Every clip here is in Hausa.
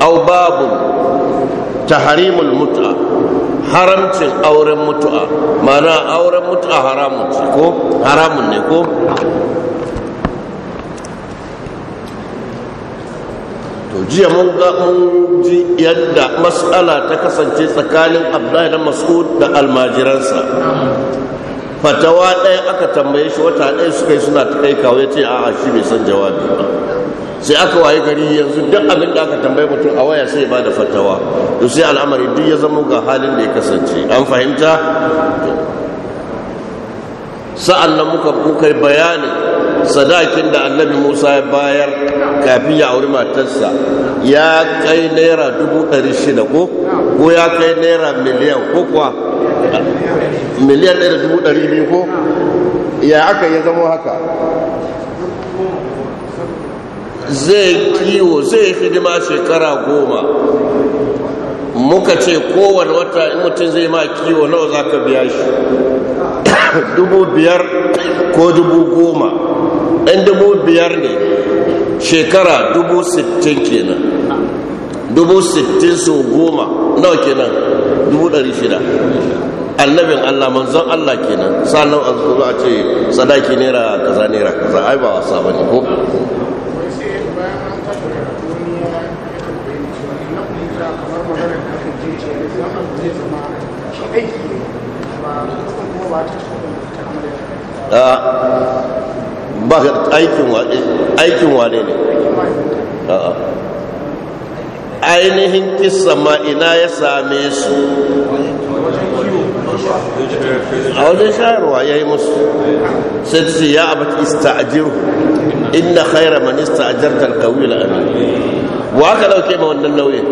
au babu taharimul mut'a haramcin auren mutu'a mana auren mutu'a haramun ce ko ne ko to jiya mun ga mun ji yadda mas'ala ta kasance tsakanin abdullahi da mas'ud da almajiransa fatawa ɗaya aka tambaye shi wata ɗaya suka yi suna ta kai kawo ya ce a'a shi bai san jawabi ba sai aka waye gari yanzu duk abin da aka tambaye mutum a waya sai ba da fatawa to sai al'amari duk ya zama ga halin da ya kasance an fahimta sa'an nan muka kuka bayanin sadakin da annabi musa ya bayar kafin ya auri matarsa ya kai naira dubu ɗari shida ko ko ya kai naira miliyan ko kuwa miliyan ɗari dubu ɗari biyu ko ya aka ya zama haka zai kiwo zai hidima shekara goma muka ce kowane wata in mutum zai ma kiwo nawa za ka biya shi dubu biyar ko dubu goma ɗan dubu biyar ne shekara dubu sittin kenan dubu sittin su goma nawa kenan dubu ɗari shida annabin Allah manzon Allah kenan sannan a zuwa a ce sadaki naira kaza naira kaza ai ba wasa bane ko kamar maganar da aka ne ba aikin wane ne ainihin kissa ma ina ya same su a wajen shayarwa ya yi musu sai ta ce ya abata ista'ajiru inna khaira man ista'ajarta alkawil amin wa aka dauke ma wannan nauyin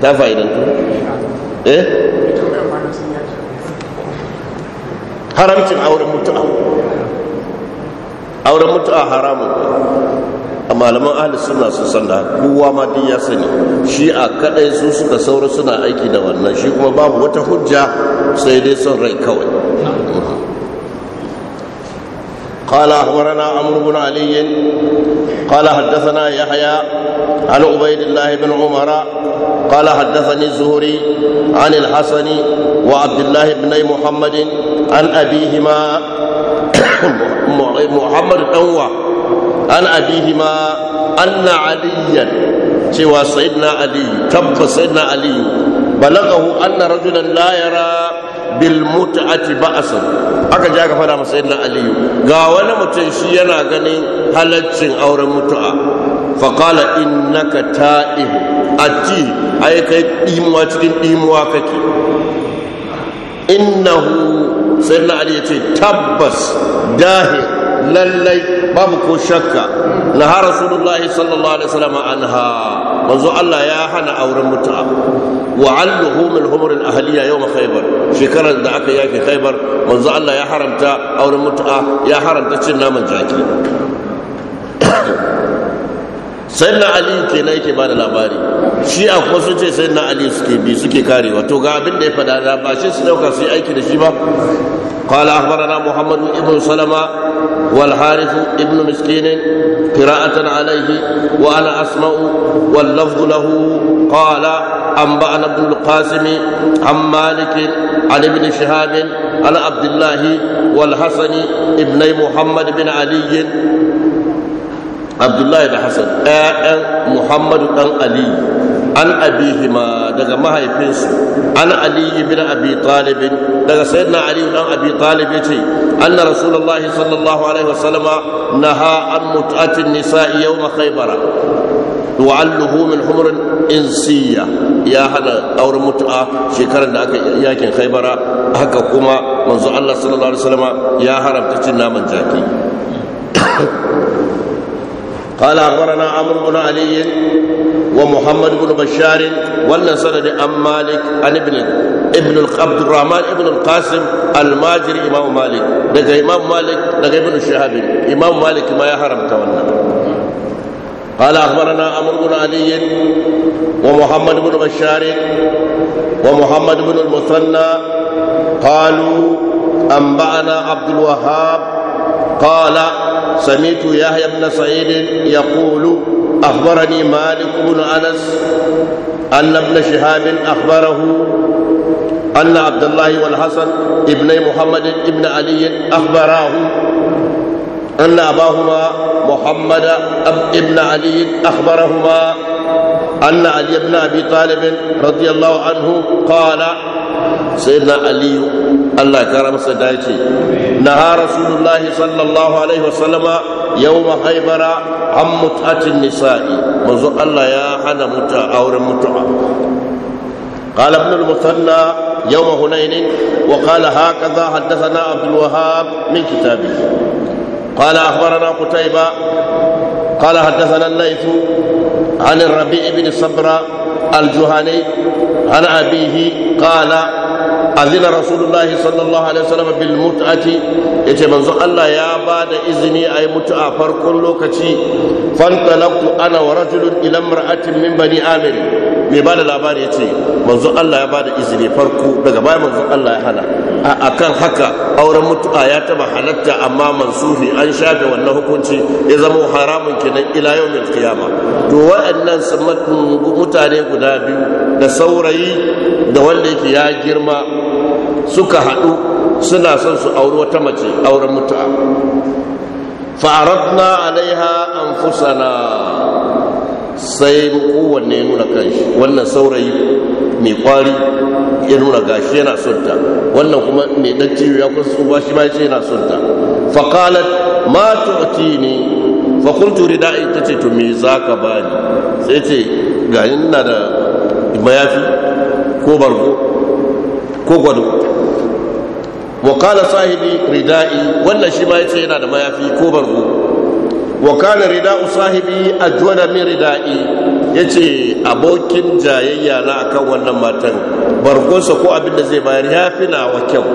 ta fa'idantu eh haramcin auren mutu'a auren mutu'a haramun a malaman ahli suna sun san da kowa ma din ya sani shi a kadai su suka sauri suna aiki da wannan shi kuma babu wata hujja sai dai son rai kawai قال أخبرنا عمرو بن علي قال حدثنا يحيى عن عبيد الله بن عمر قال حدثني الزهري عن الحسن وعبد الله بن محمد عن أبيهما محمد أنوى عن أبيهما أن عليا سوى سيدنا علي تب سيدنا علي بلغه أن رجلا لا يرى bil mut'ati ba'san aka ja ka fada masa sayyidina aliyu ga wani mutum shi yana ganin halaccin auren mutu'a fa qala innaka ta'ih ati yi kai dimuwa cikin dimuwa kake innahu sayyidina ali ce tabbas dahi lallai babu ko shakka na har rasulullahi sallallahu alaihi wasallam anha manzo Allah ya hana auren mutu'a wa an luhumul humurin ahaliya yau khaybar shekarar da aka yaki khaybar manzo Allah ya haramta auren mutu'a ya haramta cin naman jaki sayyidina ali na yake bada labari shi a kuma sun ce sayyidina ali suke bi suke karewa to ga abin da ya fada da ba shi su dauka su yi aiki da shi ba qala akhbarana Muhammadu ibn salama wal harith ibn miskin qira'atan alayhi wa ana asma'u wal lafdh أنبأنا ابن القاسم عن مالك عن ابن شهاب عن عبد الله والحسن ابني محمد بن علي عبد الله بن حسن محمد بن علي عن أبيهما دغ ما هيفنس عن علي بن أبي طالب دغ سيدنا علي بن أبي طالب يتي أن رسول الله صلى الله عليه وسلم نهى عن متعة النساء يوم خيبر وعن لحوم الحمر إنسية يا هذا أور متعة شكرا لك ياكن خيبرا هكا كما منذ الله صلى الله عليه وسلم يا هرم تتنا من جاكي قال أخبرنا عمرو بن علي ومحمد بن بشار ولا سند عن مالك عن ابن ابن عبد الرحمن ابن القاسم الماجري امام مالك دقى امام مالك دقى ابن شهاب امام مالك ما يحرم تولى قال أخبرنا عمرو بن علي ومحمد بن بشار ومحمد بن المثنى قالوا أنبأنا عبد الوهاب قال سمعت يحيى بن سعيد يقول أخبرني مالك بن أنس أن ابن شهاب أخبره أن عبد الله والحسن ابن محمد ابن علي أخبراه أن أباهما محمد ابن علي أخبرهما أن علي بن أبي طالب رضي الله عنه قال سيدنا علي الله كرم سدايتي نهى رسول الله صلى الله عليه وسلم يوم خيبر عن متعة النساء منذ الله يا هذا متعة أو متعة قال ابن المثنى يوم هنين وقال هكذا حدثنا عبد الوهاب من كتابه قال أخبرنا قتيبة قال حدثنا الليث عن الربيع بن صبرة الجهني عن أبيه قال أذن رسول الله صلى الله عليه وسلم بالمتعة yace manzo Allah ya ba da izini a yi mutu a farkon lokaci fantalaktu ana wa ilan ila mar'atin min bani amir mai ba da labari yace manzo Allah ya ba da izini daga baya manzo Allah ya hana A kan haka auren mutu'a ya taba halatta amma mansufi an shafe wannan hukunci ya zama haramun kenan ila yau mil kiyama to waɗannan mutane guda biyu da saurayi da wanda yake ya girma suka haɗu suna son su auri wata mace auren mutu'a fa'aratna alaiha anfusana sai kowanne nuna kanshi wannan saurayi mai kwari ya nuna gashi yana son ta wannan kuma mai dan ciwo ya kusa su bashi ma yace yana son ta fa qalat ma tu'tini fa qultu rida'i tace to me zaka bani sai ce ga ina da mayafi ko barko ko gwado wa qala sahibi rida'i wannan shi ma yace yana da mayafi ko barko wa qala rida'u sahibi ajwada min rida'i ya ce abokin jayayya na akan wannan matan barkonsa ko abin da zai bayar ya fi wa kyau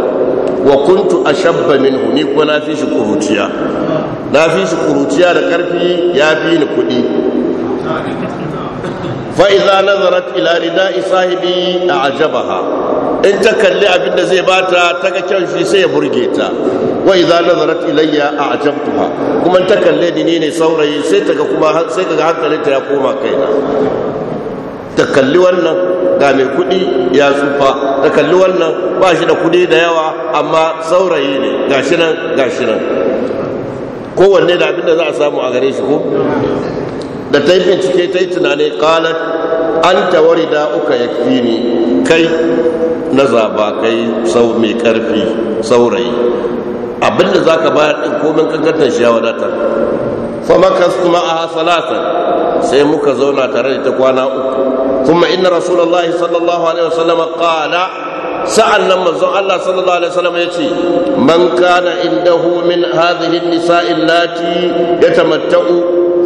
wa kuntu a shabba min ni kuma na fi shi kuruciya na fi shi kurutiya da karfi ya fi ni kuɗi fa'iza nazarat ila rida isahibi a ajabaha in ta kalli abin da zai bata ta ga kyan shi sai ya burge ta wai za nazarat ilayya a ajabtuha kuma ta kalle ni ne saurayi sai ta ga kuma sai ga hankalinta ya koma kaina ta kalli wannan ga mai kudi ya tsufa ta kalli wannan ba shi da kudi da yawa amma saurayi ne gashi nan gashi nan kowanne da abin da za a samu a gare shi ko da ta yi bincike ta yi tunani kalat an tawari da uka yakfi ne kai na zaba kai sau mai karfi saurayi abinda za ka bayar ɗin komin kankantar shi ya wadatar famakastu ma'aha salatan sai muka zauna tare da ta kwana uku kuma inna rasulullahi sallallahu alaihi wasallam qala sa'an nan manzon Allah sallallahu alaihi wasallam ya ce man kana indahu min hadhihi an-nisa'i allati yatamatta'u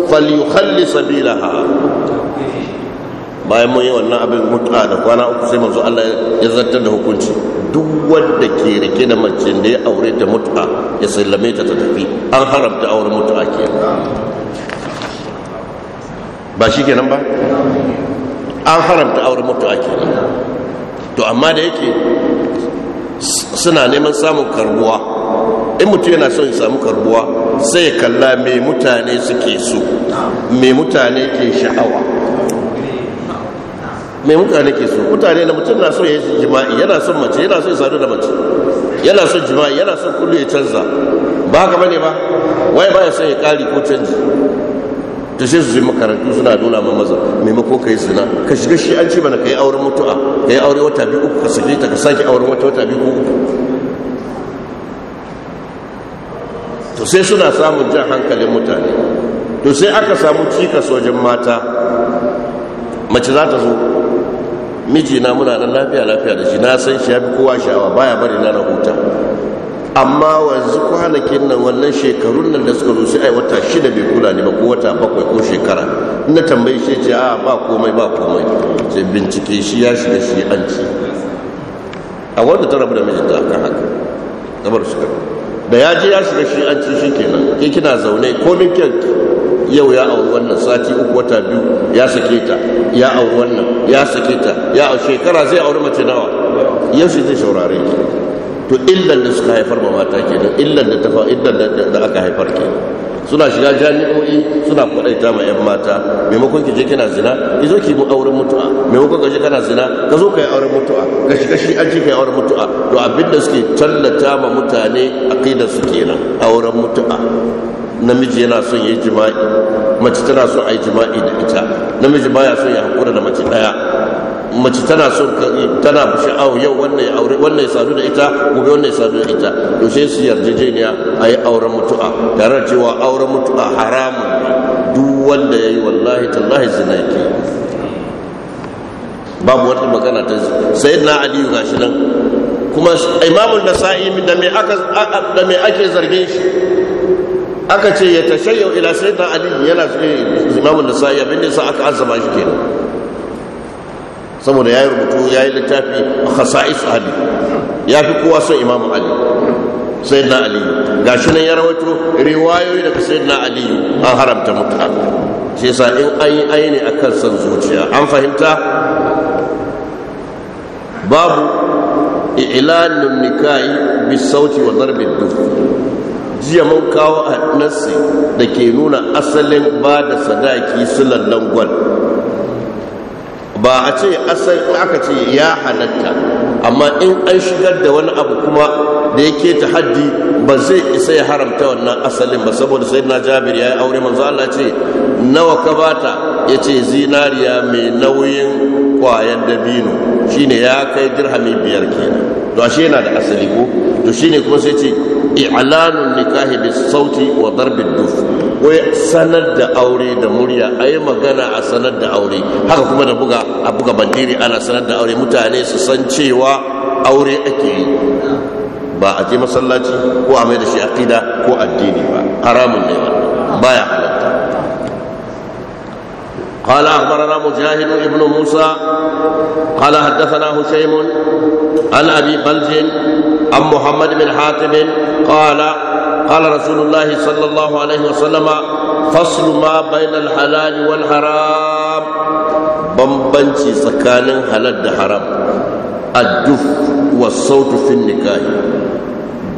falyukhalli sabilaha bayan mun yi wannan abin mutuwa da kwana uku sai manzo Allah ya zartar da hukunci duk wanda ke rike da mace da ya aure ta mutuwa ya sallame ta ta tafi an haramta auren mutuwa ke ba shi kenan ba an haramta auren mutuwa ke to amma da yake suna neman samun karbuwa in mutum yana son ya samu karbuwa sai ya kalla mai mutane suke so mai mutane ke sha'awa mai mutane ke so mutane na mutum na so ya yi jima'i yana son mace yana son sadu da mace yana son jima'i yana son kullu ya canza ba haka bane ba wai ba ya son ya kari ko canji ta sai su je makarantu suna nuna ma maza maimako ka yi zina ka shiga shi an ce mana ka yi auren mutu'a ka yi aure wata biyu uku ka sake ta ka sake auren wata wata biyu uku to sai suna samun jan hankalin mutane to sai aka samu cikas wajen mata mace za ta zo mijina muna nan lafiya lafiya da shi na san shi ya fi kowa sha'awa baya bari na na amma wanzu kwanakin nan wannan shekarun nan da suka zo sai ai wata shida bai kula ne ba ko wata bakwai ko shekara na tambayi shi ce a ah, ba komai ba komai sai bincike shi ya shiga shi an ci a wanda ta rabu da mijinta akan haka gabar su da ya je ya shiga shi an ci shi kenan ke kina zaune min kyanki yau ya auri wannan sati uku wata biyu ya sake ta ya auri wannan ya sake ta ya auri shekara zai auri mace nawa yau shi zai saurare ki to illan da suka haifar ma mata nan illan da ta illan da aka haifar ke suna shiga jami'o'i suna kwadaita ma yan mata maimakon ki je kina zina ki zo ki mu auren mutu'a maimakon ka je kana zina ka zo ka yi auren mutu'a ka shiga shi an ji ka yi auren mutu'a to abinda suke tallata ma mutane aqidar su kenan auren mutu'a namiji yana son ya yi jima'i mace tana son a yi jima'i da ita namiji baya son ya haƙura da mace ɗaya mace tana son tana sha'awar yau wannan ya aure wannan ya sadu da ita gobe wannan ya sadu da ita to sai su yarjejeniya a yi auren mutu'a tare da cewa auren mutu'a haramun duk wanda ya yi wallahi tallahi zina yake babu wata magana ta na aliyu gashi nan kuma imamun nasa'i da me ake zargin shi aka ce ya tashayyau ila sayyidina ali yana imamun nasa'i abin da sa aka azama shi kenan saboda ya yi rubutu ya yi littafi a khasa'is ali ya fi kowa son imamu ali sayyidina ali ga shi nan ya rawaito riwayoyi daga sayyidina ali an haramta mutuwa shi yasa in an yi aini a kan son zuciya an fahimta babu i'lanun nikahi sauti wa darbin dufu jiya mun kawo a nasi da ke nuna asalin ba da sadaki silallan gwal ba a ce aka ce ya halatta amma in an shigar da wani abu kuma da yake ta haddi ba zai isa ya haramta wannan asalin ba saboda sai na jabir ya yi aure manzo Allah ce nawa ka bata ya ce zinariya mai nauyin kwayan dabino shine ya kai dirhami biyar kenan to ashe yana da asali ko to shine kuma sai ce i'lanun nikahi bis sauti wa duf wai sanar da aure da murya ayi magana a sanar haka kuma da buga a buga bandiri ana sanar da aure mutane su san cewa aure ake yi ba a je masallaci ko a mai da shi aqida ko addini ba haramun ne ba baya halatta قال مجاهد موسى قال حدثنا هشيم عن بلج عن محمد بن حاتم قال قال رسول الله صلى الله عليه وسلم فصل ما بين الحلال والحرام بمبنشي سكان حلال حرام الدف والصوت في النكاح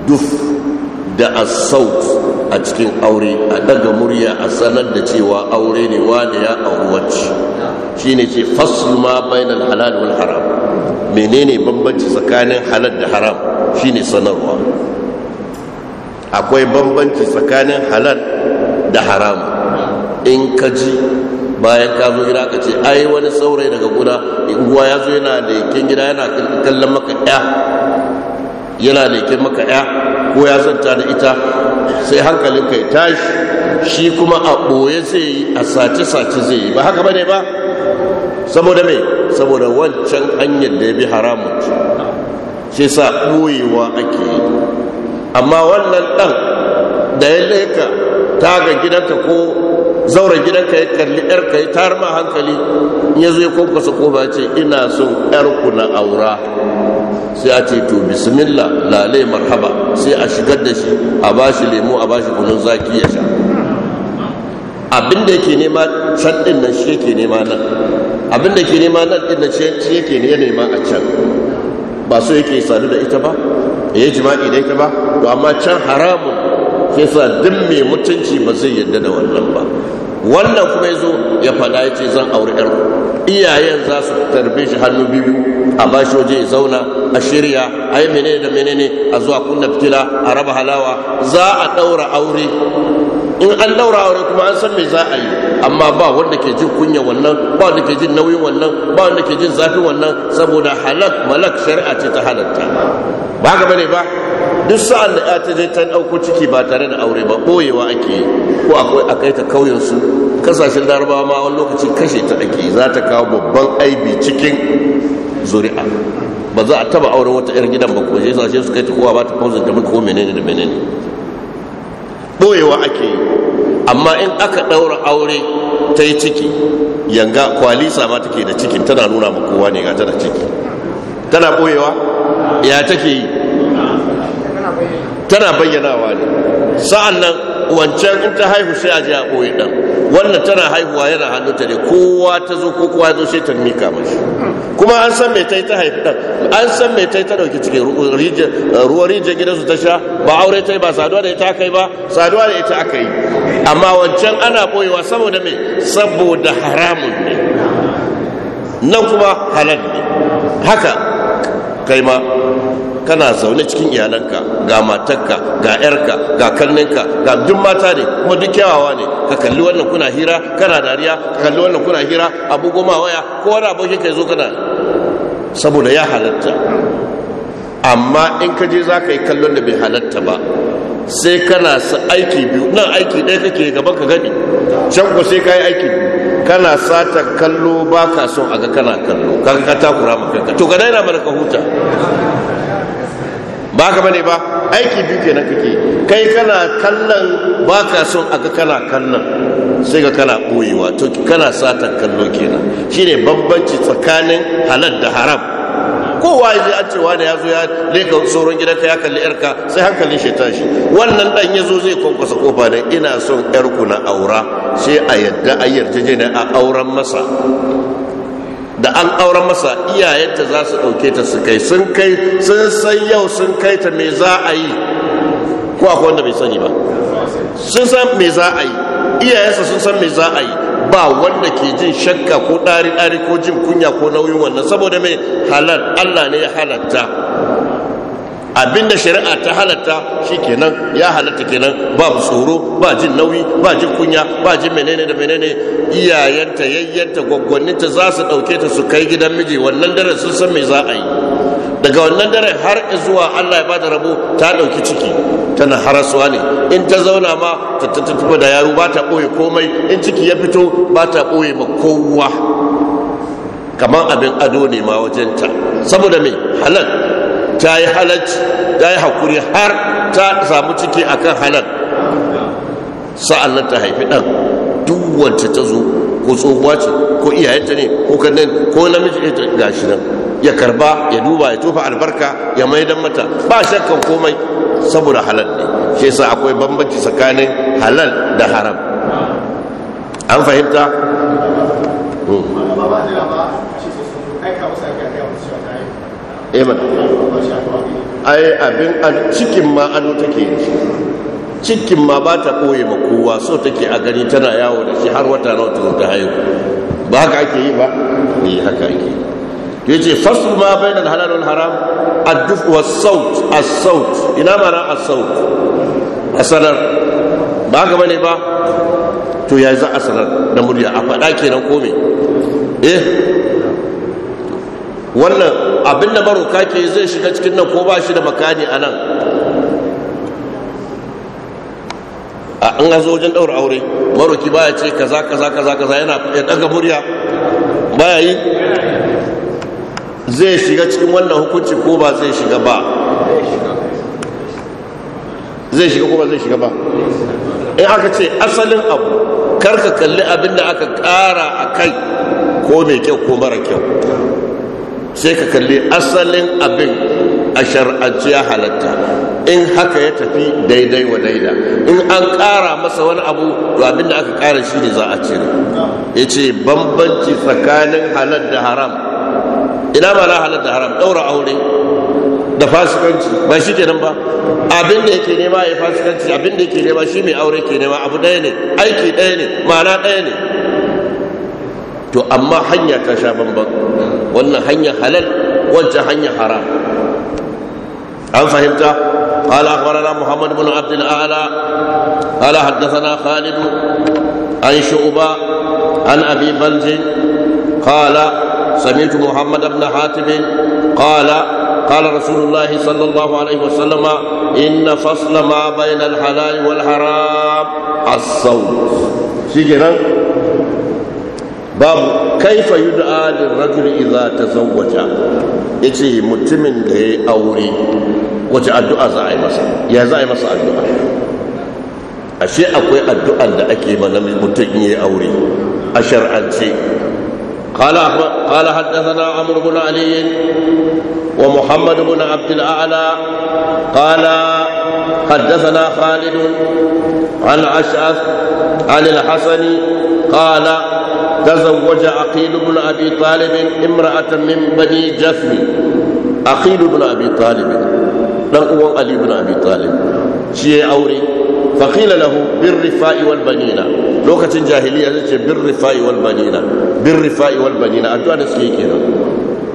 دف da assaut a cikin aure a daga murya a sanar da cewa aure ne wane ya Shi wacce shine ce faslu ma bainal halal wal haram menene bambanci tsakanin halal da haram shine sanarwa akwai bambanci tsakanin halal da haramu in ka ji bayan ka zo gida ka ce ai wani saurayi daga guda unguwa ya zo yana da yakin gida yana kallon maka ya yana da leken maka ya ko ya zanta da ita sai hankalinka kai tashi shi kuma a ɓoye zai yi a sace-sace zai yi ba haka ba ne ba saboda mai saboda wancan hanyar da ya bi haramun shi sa ɓoyewa ake yi amma wannan ɗan da ya leka taga gidanka ko zaura gidanka ya kalli yarka ya tar ma hankali in ya zo ya kwankwasa koma ce ina son yarku na aura sai a ce to bismillah lale marhaba sai a shigar da shi a ba shi lemu a ba shi kunun zaki ya sha abin da yake nema can ɗin nan shi yake nema nan abin da ke nema nan ɗin nan shi yake nema a can ba so yake sadu da ita ba ya yi jima'i da ita ba to amma can haramun sai sa duk mai mutunci ba zai yadda da wannan ba wannan kuma ya zo ya fada ya ce zan auri yar iyayen za su tarbe shi hannu biyu a bashi waje ya zauna a shirya a yi menene da menene a zuwa kunna fitila a raba halawa za a ɗaura aure in an ɗaura aure kuma an san me za a yi amma ba wanda ke jin kunya wannan ba wanda ke jin nauyin wannan ba wanda ke jin zafin wannan saboda halak malak shari'a ce ta halatta ba ga bane ba duk sa'an da ta je ta dauko ciki ba tare da aure ba boyewa ake yi ko akwai a kai ta su kasashen larabawa ma wani lokaci kashe ta ake za ta kawo babban aibi cikin zuri'a ba za a taba auren wata 'yar gidan ba ko shi sashe su kai ta kowa ba ta fauzin ta ko menene da menene boyewa ake yi amma in aka daura aure ta yi ciki yanga kwalisa ma take da cikin tana nuna ma kowa ne ga tana ciki tana boyewa ya take yi tana bayyanawa ne sa'an nan wancan in ta haihu sai a je a boye dan wannan tana haihuwa yana hannu ta ne kowa ta zo ko kowa ya zo sai ta mika mashi kuma an san mai tai ta haifi ɗan an san mai tai ta ɗauki cikin eh, ruwan rijiyar su ta sha ba aure ta yi ba saduwa da ita aka yi ba saduwa da ita aka yi amma wancan ana ɓoyewa saboda mai saboda haramun ne nan kuma halal ne haka kai ma kana zaune cikin iyalanka ga matarka ga yarka ga kallinka ga duk mata ne kuma duk kyawawa ne ka kalli wannan kuna hira kana dariya ka kalli wannan kuna hira abu goma waya ko wani abokin ka zo kana saboda ya halatta amma in ka je za ka yi kallon da bai halatta ba sai kana sa aiki biyu nan aiki ɗaya kake gaban ka gani can ku sai ka yi aiki kana sata kallo ba ka son a ga kana kallo kaga ka takura ma to ka daina mana ka huta ba ka bane ba aiki biyu kenan kake kai kana kallon ba ka son aga kana kallon sai ka kana ɓoyewa to kana sata kallo kenan shine bambanci tsakanin halal da haram kowa ya ji an ce wani ya zo ya leka sauran gidanka ya kalli yarka sai hankalin shi tashi wannan dan ya zo zai kwankwasa kofa dan ina son yarku na aura sai a yadda a yarjejeniya a auren masa da an auren masa iyayenta za su ɗauke ta su kai sun kai sun san yau sun kai ta me za a yi ko akwai wanda bai sani ba sun san me za a yi iyayensa sun san me za a yi ba wanda ke jin shakka ko ɗari-ɗari ko jin kunya ko nauyin wannan saboda mai halal allah ne ya halatta abinda shari'a ta halatta kenan ya halatta kenan babu tsoro ba jin nauyi ba jin kunya ba jin menene da menene iyayenta yayyanta gwaggwaninta za su ɗauke ta su kai gidan miji wannan daren sun san me za a yi daga wannan daren har zuwa allah ya bada rabo ta ɗauki ciki tana harasuwa ne in ta zauna ma ta tattafa da yaro ba ta ɓoye komai in ciki ya fito ba ta ɓoye ma kowa kamar abin ado ne ma wajenta saboda me halal ta yi halacci ta yi hakuri har ta samu ciki akan halal na ta haifi ɗan duk wacce ta zo ko tsohuwa ce ko iyayenta ne ko kannan ko namiji ita eh, gashi nan ya karba ya duba ya tufa albarka ya maidan mata ba shakkan komai saboda halal ne shi akwai bambanci tsakanin halal da haram an fahimta hmm. eman eh, ai abin a cikin ma ano take yi cikin ma ba ta ɓoye ma kowa so take a gani tana yawo da shi har wata nawa wata ta haihu ba haka ake yi ba ne eh, haka ake yi to fasu fasl ma bainal halal wal haram a duk wa saut a saut ina mara a saut sanar ba haka bane ba to ya za sanar da murya a faɗa kenan nan kome eh wannan abinda maroka ke zai shiga cikin nan ko ba shi da makani a nan an an zo wajen daura aure maroki baya ce kaza kaza kaza kaza yana ya daga murya baya yi zai shiga cikin wannan hukunci ko ba zai shiga ba zai shiga ko ba zai shiga ba in aka ce asalin abu karka kalli abin da aka ƙara a kai ko mai kyau ko mara kyau sai ka kalli asalin abin a shar'anci ya halatta in haka ya tafi daidai wa daida in an ƙara masa wani abu to abin da aka ƙara shi ne za a cire ya ce bambanci tsakanin halar da haram ina ma na halar da haram ɗaura aure da fasikanci ba shi kenan ba abin da yake nema ya fasikanci abin da yake nema shi mai aure ke nema abu ɗaya ne aiki ɗaya ne ma'ana ɗaya ne to amma hanya ta sha bambam wannan hanyar halal wancan hanyar haram an fahimta قال اخبرنا محمد بن عبد الاعلى قال حدثنا خالد عن شعبة عن ابي بلج قال سمعت محمد بن حاتم قال قال رسول الله صلى الله عليه وسلم ان فصل ما بين الحلال والحرام الصوم شجرا babu kaifa yud'a lirrajul idza tazawwaja yace mutumin da ya aure wace addu'a za a yi masa ya za a yi masa addu'a ashe akwai addu'ar da ake ma mutum ya aure a shar'ance قال قال حدثنا عمرو بن علي ومحمد بن عبد kala قال حدثنا خالد عن اشعث عن الحسن تزوج عقيل بن أبي طالب امرأة من بني جفن عقيل بن أبي طالب نقوى علي بن أبي طالب شيء أوري فقيل له بالرفاء والبنين لوكة جاهلية بالرفاء والبنين بالرفاء والبنين أدوان سيكينا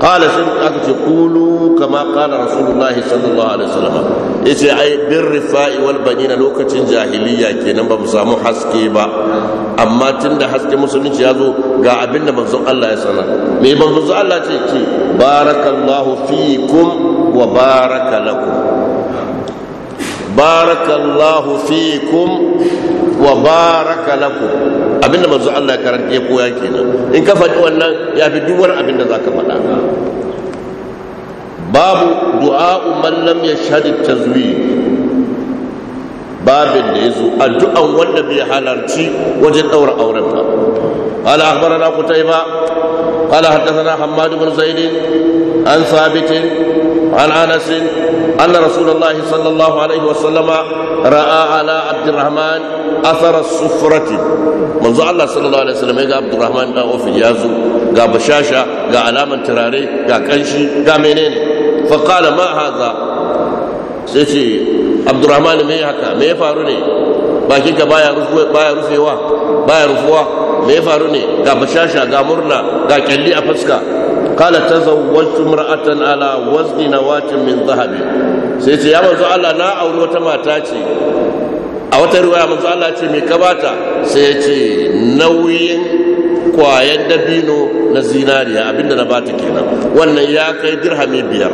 qala sai aka ce kulu kama qala rasulullahi sallallahu alaihi wasallam yace ai bin rifa'i wal banina lokacin jahiliya kenan ba mu samu haske ba amma tunda haske musulunci ya zo ga abin da manzon Allah ya sanar me manzon Allah ce ce barakallahu fikum wa baraka lakum barakallahu fikum wa baraka lakum abinda manzo Allah karanta ya koya kenan in ka faɗi wannan ya fi duk wani abinda za ka faɗa babu du'a'u man lam yashhad tazwi babin da yazo addu'an wanda bai halarci wajen daura auren ba قال أخبرنا قتيبة قال حدثنا حماد بن زيد عن ثابت عن انس ان رسول الله صلى الله عليه وسلم راى على عبد الرحمن اثر السفره منذ الله صلى الله عليه وسلم يا عبد الرحمن دا اوفي يازو غا بشاشه غا علامه تراري غا كنشي غا منين فقال ما هذا سيتي عبد الرحمن مي هكا مي فارو ne bakinka baya rufewa baya rufuwa me ya faru ne ga bashasha ga murna ga kyalli a fuska kala ta zawwatu mar'atan ala wazni nawatin min zahabi sai ce ya manzo Allah na auri wata mata ce a wata ruwaya manzo Allah ce me kabata sai ce nauyin kwayan dabino na zinariya abinda na bata kenan wannan ya kai dirhami biyar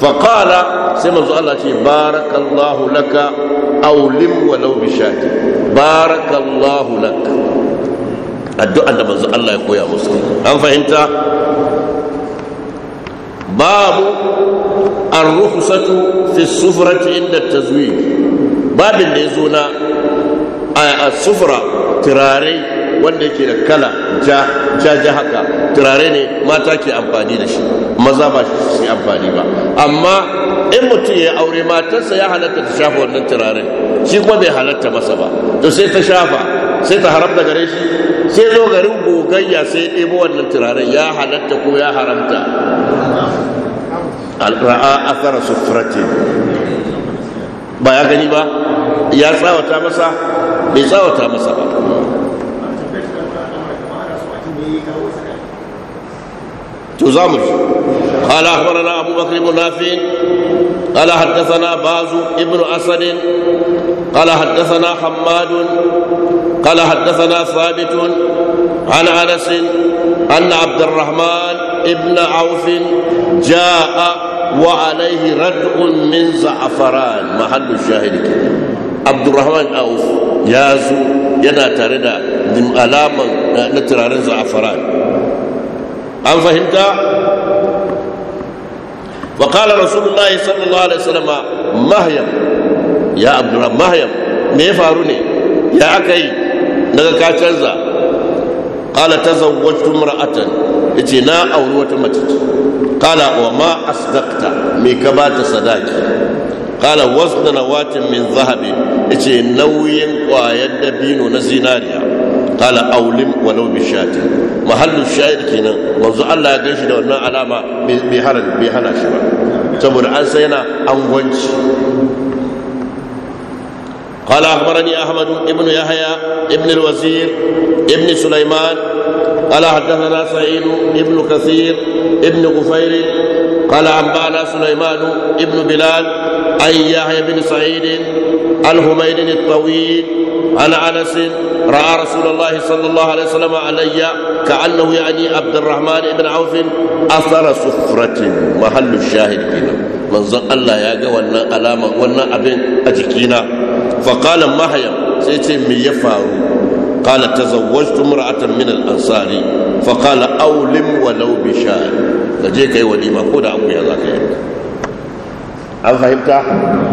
faƙala sai manzo Allah ce barakallahu laka aulim walau bishati barakallahu laka addu'a da manzo Allah ya koya musu an fahimta babu ar ruhsatu fi sufrati inda tazwij babin da yazo na as-sufra turare wanda yake da kala ja ja ja haka turare ne mata ke amfani da shi maza ba shi su amfani ba amma in mutum ya aure matarsa ya halatta ta shafa wannan turaren shi kuma bai halatta masa ba to sai ta shafa sai ta haramta gare shi sai zo garin gogayya sai ɗebo wannan turaren ya halatta ko ya haramta alra'a athara sufratin ba ya gani ba ya tsawata masa bai tsawata masa ba to za mu قال اخبرنا ابو بكر بن قال حدثنا باز ابن أسد قال حدثنا حماد قال حدثنا ثابت عن أنس أن عبد الرحمن ابن عوف جاء وعليه ردء من زعفران محل الشاهد عبد الرحمن عوف يازو ينا تردا من ألاما نترارن زعفران an fahimta وقال رسول الله صلى الله عليه وسلم مهيم يا عبد الله مهيم me faru ne ya aka yi daga ka canza kala ta zawwatu mar'atan yace na auri wata mace kala wa ma asdaqta me ka ba ta sadaki kala wasna nawatin min zahabi yace nauyin kwayar dabino na zinariya kala aulim walau bishati mahallin shayar kenan manzo Allah ya gaishe da wannan alama bai haran bai hana shi ba saboda an san yana angwanci قال أخبرني أحمد ابن يحيى ابن الوزير ابن سليمان قال حدثنا سعيد ابن كثير ابن غفير قال أنبأنا سليمان ابن بلال عن يحيى بن سعيد الحميد الطويل عن انس راى رسول الله صلى الله عليه وسلم علي كانه يعني عبد الرحمن بن عوف اثر سفره محل الشاهد كنا من الله يا wannan alama wannan abin a jikina فقال mahayam sai ce me ya faru قال تزوجت امرأة من الأنصار فقال أولم ولو بشار فجيك أي وليمة خد أبويا ذاك أم فهمت؟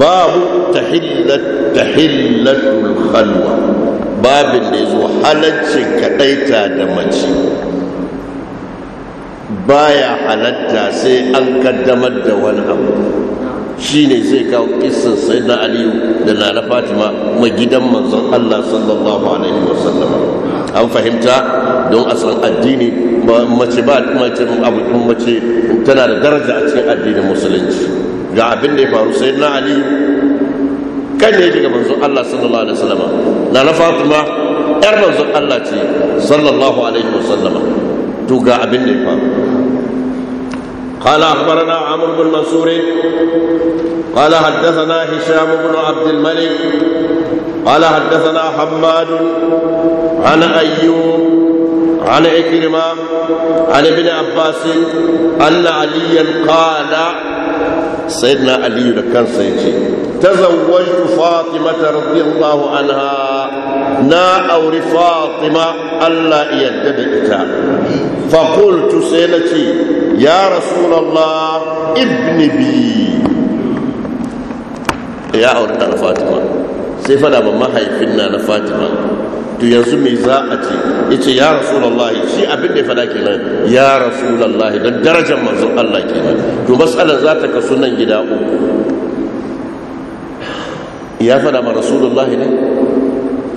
babu tahillatul khalwa babin da ya zo halaccin kaɗaita da mace baya halatta sai an kaddamar da wani abu shine zai kawo kisan sai aliyu da na fatima magidan manzon allah sallallahu alaihi an fahimta don a san addini mace ba mace tana da daraja a cikin addinin musulunci ga abin da ya faru sai na ali kan ne daga manzon Allah sallallahu alaihi wasallam na na Fatima yar manzon Allah ce sallallahu alaihi wasallam to ga abin da ya faru قال أخبرنا عمرو بن منصور قال حدثنا هشام بن عبد الملك قال حدثنا حماد عن أيوب عن إكرمة عن ابن عباس أن عليا قال sayyidina aliyu da kansa ya ce tazawwajtu fatimata radiyallahu anha na auri fatima Allah yadda da ita fakultu sai na ce ya rasulallah ibni bi ya auri fatima sai fada ma mahaifin na na fatima to yanzu me za a ce ce ya rasulallah shi abin da ya fada kenan ya rasulullahi don darajar manzon Allah kenan to matsalar za ta kasu nan gida uku ya fada ma rasulallah ne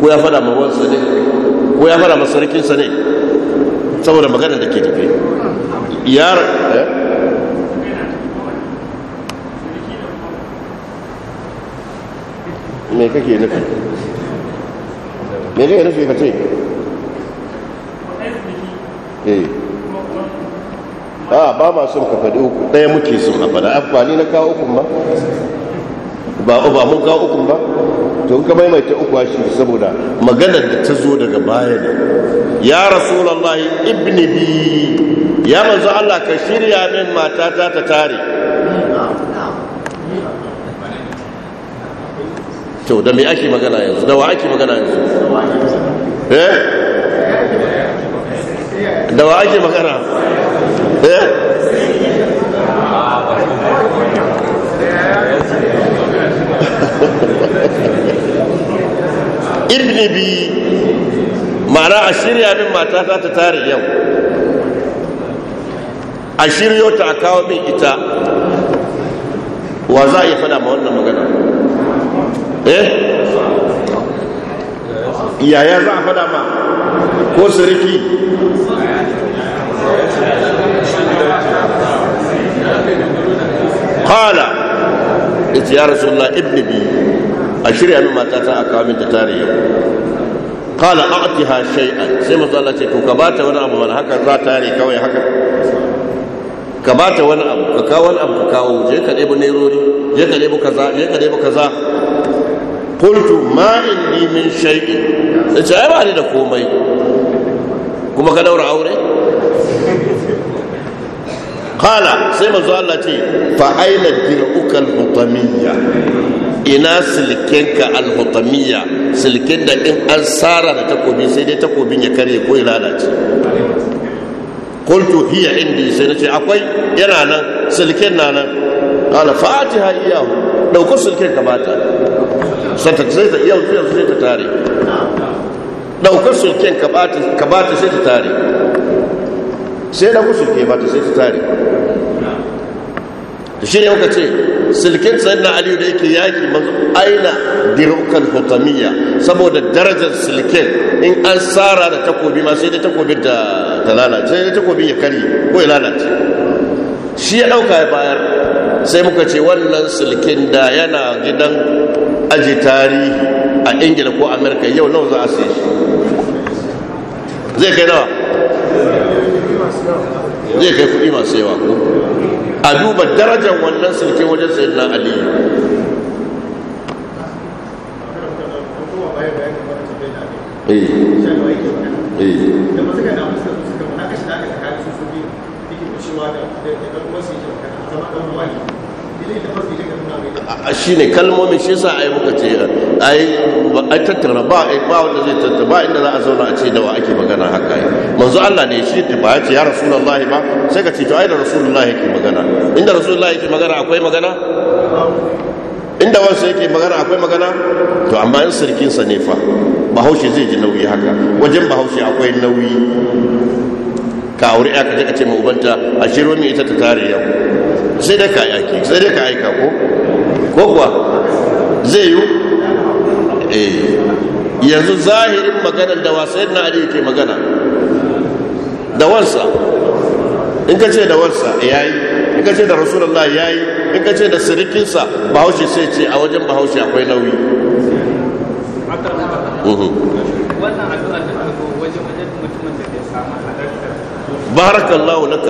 ko ya fada ma wansa ne ko ya fada ma sarkinsa ne saboda magana da ke tafi ya eh? me kake nufi me zai rufe ka ce eh. a ba ma sun ka faɗi uku ɗaya muke son a faɗa amfani na kawo ukun ba ba ba mun kawo ukun ba to ka maimaita uku shi saboda maganar da ta zo daga baya ne ya rasulullahi ibni bi ya manzo Allah ka shirya min matata ta tare to da me ake magana yanzu da wa ake magana yanzu eh da wa ake magana eh bi ma'ana a shirya min mata ta ta tare yau a shiryo ta a kawo min ita wa za a yi fada ma wannan magana eh yaya za a fada ma ko siriki kala ita ya rasulullah ibn bi a shirya min matata a kawo min ta tare yau kala ha shay'an sai manzo Allah ce to ka bata wani abu wani haka za tare kawai haka ka bata wani abu ka kawo wani abu ka kawo je ka ɗebo nerori je ka ɗebo kaza je ka ɗebo kaza kultu ma inni min shay'in sai ai ba ni da komai kuma ka daura aure qala sai manzo Allah ce fa aina dir'uka al-hutamiyya ina silkenka al-hutamiyya silken da in an sara da takobi sai dai takobin ya kare ko ya lalace qultu hiya indi sai nace akwai yana nan silken na nan qala fatiha iyahu dauko silken ka bata sai ta sai ta iya wuce sai ta tare daukar sulken ka bata sai ta tare sai da musu ba bata sai ta tare shi ne muka ce silkin na aliyu da yake yaki mazu aina dirukan hutamiya saboda darajar silkin in an tsara da takobi ma sai da takobi da talala lalace sai da takobi ya karye ko ya lalace shi ya dauka ya bayar sai muka ce wannan silkin da yana gidan aji tarihi a ingila ko amerika yau nawa za a sai shi zai kai nawa zai kai kuɗi masu yawa ko a duba darajar wannan sirkin wajen sayin na aliyu eh, eh. shi ne kalmomin shi sa a yi muka ce a yi tattara ba a ba wanda zai tattara ba inda za a zauna a ce da wa ake magana haka yi manzo Allah ne shi ba ya ce ya rasulullah ba sai ka ce to ai da rasulullah yake magana inda rasulullah yake magana akwai magana inda wasu yake magana akwai magana to amma in sa ne fa bahaushe zai ji nauyi haka wajen bahaushe akwai nauyi ka aure ya ka je ka ce ma ubanta a ita ta tare yau sai dai ka aiki sai dai ka aika ko ko kuwa zai yi eh yanzu zahirin maganar da wasai na ali ke magana da wansa in ka ce da wansa eh, yayi in ka ce da ya yayi in ka ce da sirikinsa bahaushe sai ce a wajen bahaushe akwai nauyi mhm. barakallahu laka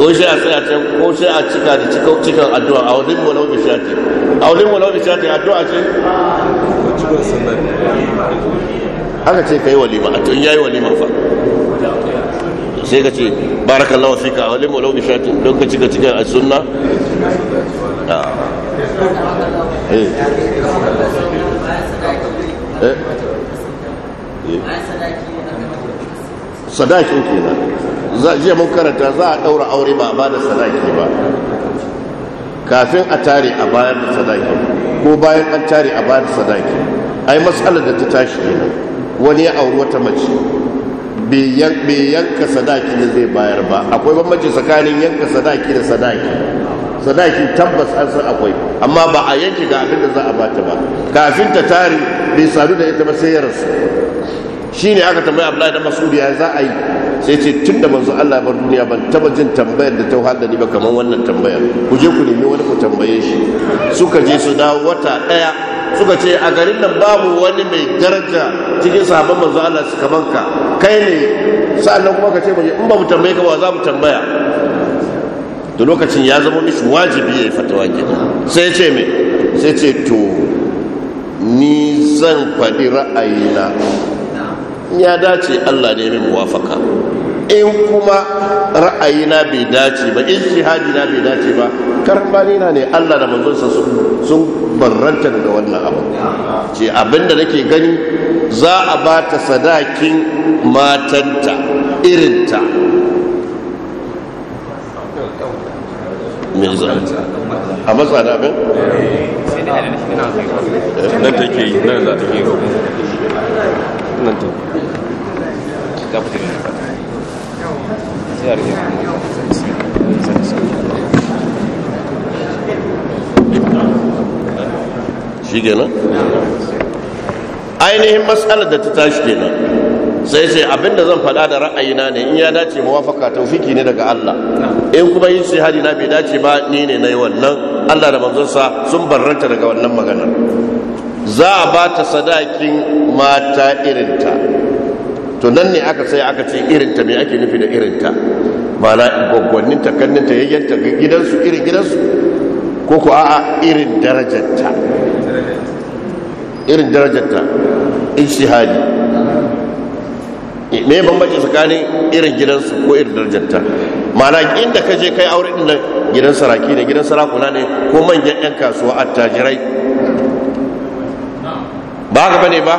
ko sai a tsaya can ko shi a cika da cikau cikan addu'a a wajen walau bi shati a wajen walau bi shati addu'a ce haka ce kai walima a tun yayi walima fa sai ka ce barakallahu fika a wajen walau bi shati don ka cika cikin a sunna ah. eh eh, eh. sadakin kenan za mun karanta za a daura aure ba ba da sadaki ba kafin a tare a bayar da sadaki ko bayan an tare a bayar da sadaki ai matsalar da ta tashi ne wani ya auri wata mace bai yanka sadaki da zai bayar ba akwai mace tsakanin yanka sadaki da sadaki sadaki tabbas an san akwai amma ba a yanke ga abin da za a bata ba kafin ta tare bai sadu da ita ba sai ya rasu Shi ne aka tambaya Abdullahi da masu ya za a yi sai ce tun da manzo Allah bar duniya ban taba jin tambayar da ta wahala ba kamar wannan tambayar ku je ku nemi wani ku tambaye shi suka je su dawo wata daya suka ce a garin nan babu wani mai daraja cikin sahabban manzo Allah su kaman ka kai ne sa'annan kuma ka ce mu in ba mu tambaye ka ba za mu tambaya to lokacin ya zama mishi wajibi ya yi fatawa kenan sai ce me sai ce to ni zan faɗi ra'ayina ya dace Allah ne min muwafaka in kuma ra'ayina bai dace ba ijtihadi na bai dace ba karbani ne Allah da manzonsa sun barranta daga wannan abu ce abinda nake gani za a ba ta sadakin matanta irinta min zanta a matsa da abin? na take yi na ta nan to ta ne sai a rike shi ainihin matsalar da ta tashi kenan sai sai abinda zan faɗa da ra'ayina ne in ya dace muwafaka taufiki ne daga Allah in kuma yin shahadi na bai dace ba ni ne na yi wannan Allah da manzonsa sun barranta daga wannan maganar za a ba ta sadakin mata irinta to nan ne aka sai aka ce irinta mai ake nufi da irinta mana gwaggwannin takanninta yayyanta gidansu irin gidansu ko ku a'a irin darajarta irin darajarta ishihadi me bambanci tsakanin irin gidansu ko irin darajarta mana inda ka je kai aure din nan gidan saraki ne gidan sarakuna ne ko manyan yan kasuwa attajirai ba haka bane ba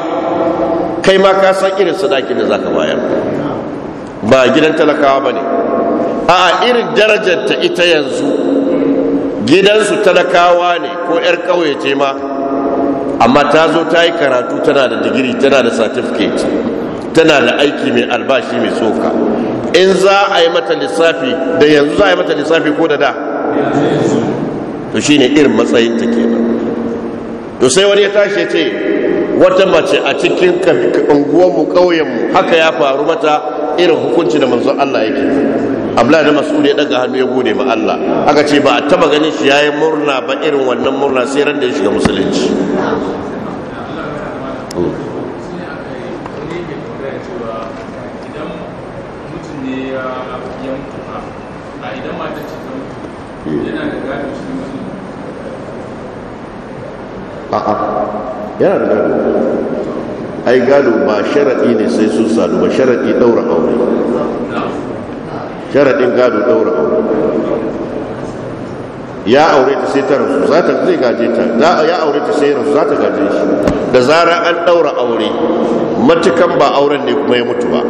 kai ma ka san irin sadakin da zaka bayar ba gidan talakawa ba ne a irin darajar ta ita yanzu gidansu talakawa ne ko 'yar ƙauye ce ma amma ta zo ta yi karatu tana da digiri tana da certificate tana da aiki mai albashi mai tsoka in za a yi mata lissafi da yanzu za a yi mata lissafi ko da da to shine irin matsayin ta kenan to sai wani ya tashi ya ce wata mace a cikin unguwanmu ƙauyenmu haka ya faru mata irin hukunci da manzon Allah yake abdullahi da mas'ud ya daga hannu ya gode ma Allah aka ce ba a taba ganin shi yayin murna ba irin wannan murna sai ran da ya shiga musulunci yana a'a yana da gado ai gado ba sharaɗi ne sai sun sadu ba sharaɗi ɗaura aure sharaɗin gado ɗaura aure ya aure ta sai ta rasu za ta zai gaje ta ya aure ta sai rasu za ta gaje shi da zara an ɗaura aure matukan ba auren ne kuma ya mutu ba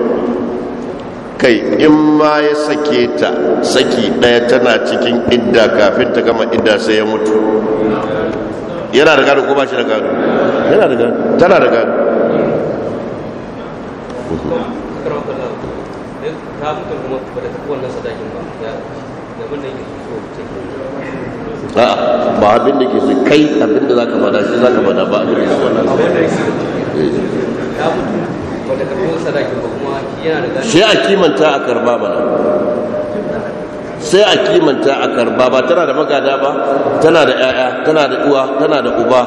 kai in ma ya sake ta saki ɗaya tana cikin idda kafin ta gama idda sai ya mutu yana da gado ko ba shi da gado yana da gado tana da gado a ba abin da ke su kai abin da za ka bada shi za ka bada ba abin da su eh. wannan shi a kimanta a karba mana sai a kimanta a karba ba tana da magada ba tana da 'ya'ya tana da uwa tana da uba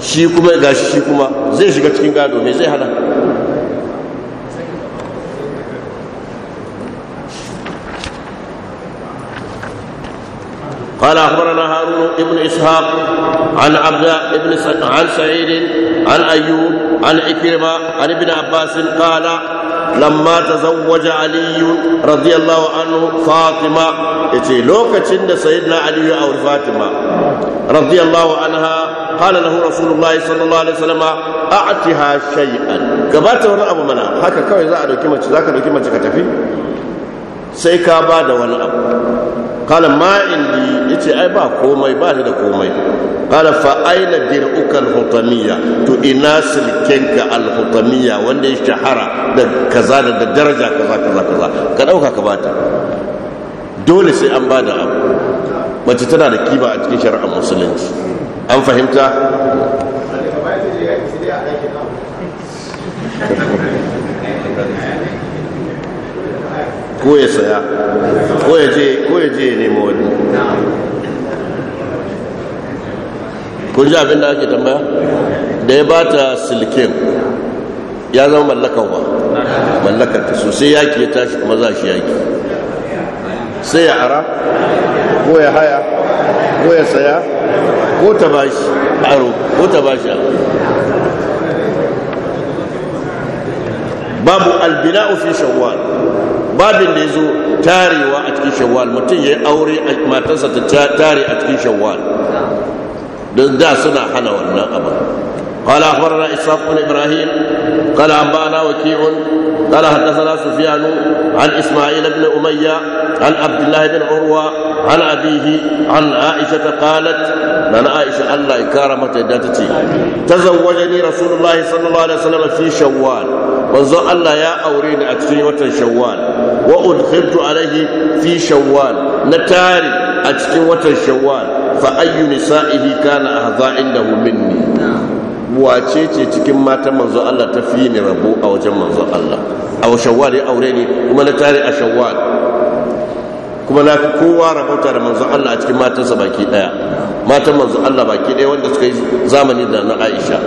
shi kuma ga shi kuma zai shiga cikin gado mai zai hana قال أخبرنا هارون ابن إسحاق عن عبد ابن عن سعيد عن أيوب عن إكرمة عن ابن عباس قال lamma tazawwaja ali radiyallahu anhu fatima yace lokacin da sayyidina Aliyu ya auri fatima radiyallahu anha qala lahu rasulullahi sallallahu alaihi wasallam a'tiha shay'an gabata wani abu mana haka kawai za a dauki mace zaka dauki mace ka tafi sai ka ba da wani abu qala ma ce ai ba komai ba da komai kada fa aina dir'uka al-hutamiyya to ina silkenka al-hutamiyya wanda ya shahara da kaza da daraja kaza kaza kaza ka dauka ka bata dole sai an bada abu mace tana da kiba a cikin shari'ar musulunci an fahimta ko ya saya ko ya je ko ya je nemo wani kun ji abin da ake tambaya da ya ba ta silkin ya zama mallakan wa mallakar ta so sai yaki ya tashi kuma za shi yaki sai ya ara ko ya haya ko ya saya ko ta ba shi aro ko ta ba aro babu albina'u fi shawwal babin da ya zo tarewa a cikin shawwal mutum ya yi aure matarsa ta tare a cikin shawwal don da suna hana wannan abin قال اخبرنا اسحاق بن ابراهيم قال انبانا وكيع قال حدثنا سفيان عن اسماعيل بن اميه عن عبد الله بن عروه عن ابيه عن عائشه قالت انا عائشه الله كرمت يدتي تزوجني رسول الله صلى الله عليه وسلم في شوال وزو الله يا اوريني اتفي وتن شوال وادخلت عليه في شوال نتاري اتفي وتن شوال فأي نسائه كان أهضى عنده Wace ce cikin matan manzo Allah ta fi ni rabu a wajen manzo Allah a shawwal ya aure ni kuma na tare a shawwal kuma na fi kowa rabauta da manzo Allah a cikin matansa baki daya matan manzo Allah baki daya wanda suka yi zamani da na Aisha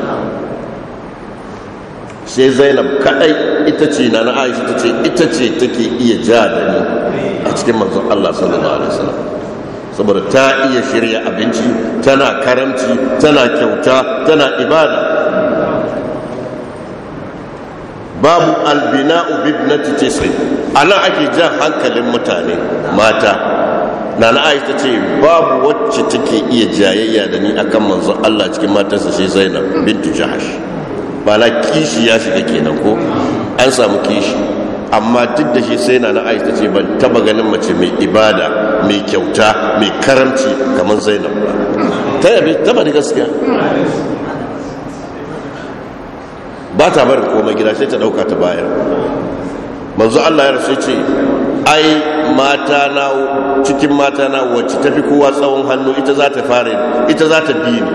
sai Zainab kadai ita ce na na Aisha ta ce ita ce take iya ja da ni a cikin manzo Allah sallallahu alaihi wasallam saboda ta iya shirya abinci tana karamci tana kyauta tana ibada babu albina'u bibnati tisri a nan ake jan hankalin mutane mata na na ta ce babu wacce take iya jayayya da ni akan manzon Allah cikin matarsa shi Zainab bintu Jahash ba na kishi ya shiga kenan ko an samu kishi amma duk da shi sai na na ta ce ban taba ganin mace mai ibada mai kyauta mai karamci kamar zainab ba ta yabe taba da gaskiya ba ta bari komai gida sai ta dauka ta bayar manzo Allah ya rasu ce ai mata na cikin mata na wacce ta fi kowa tsawon hannu ita za ta fara ita za ta bi ni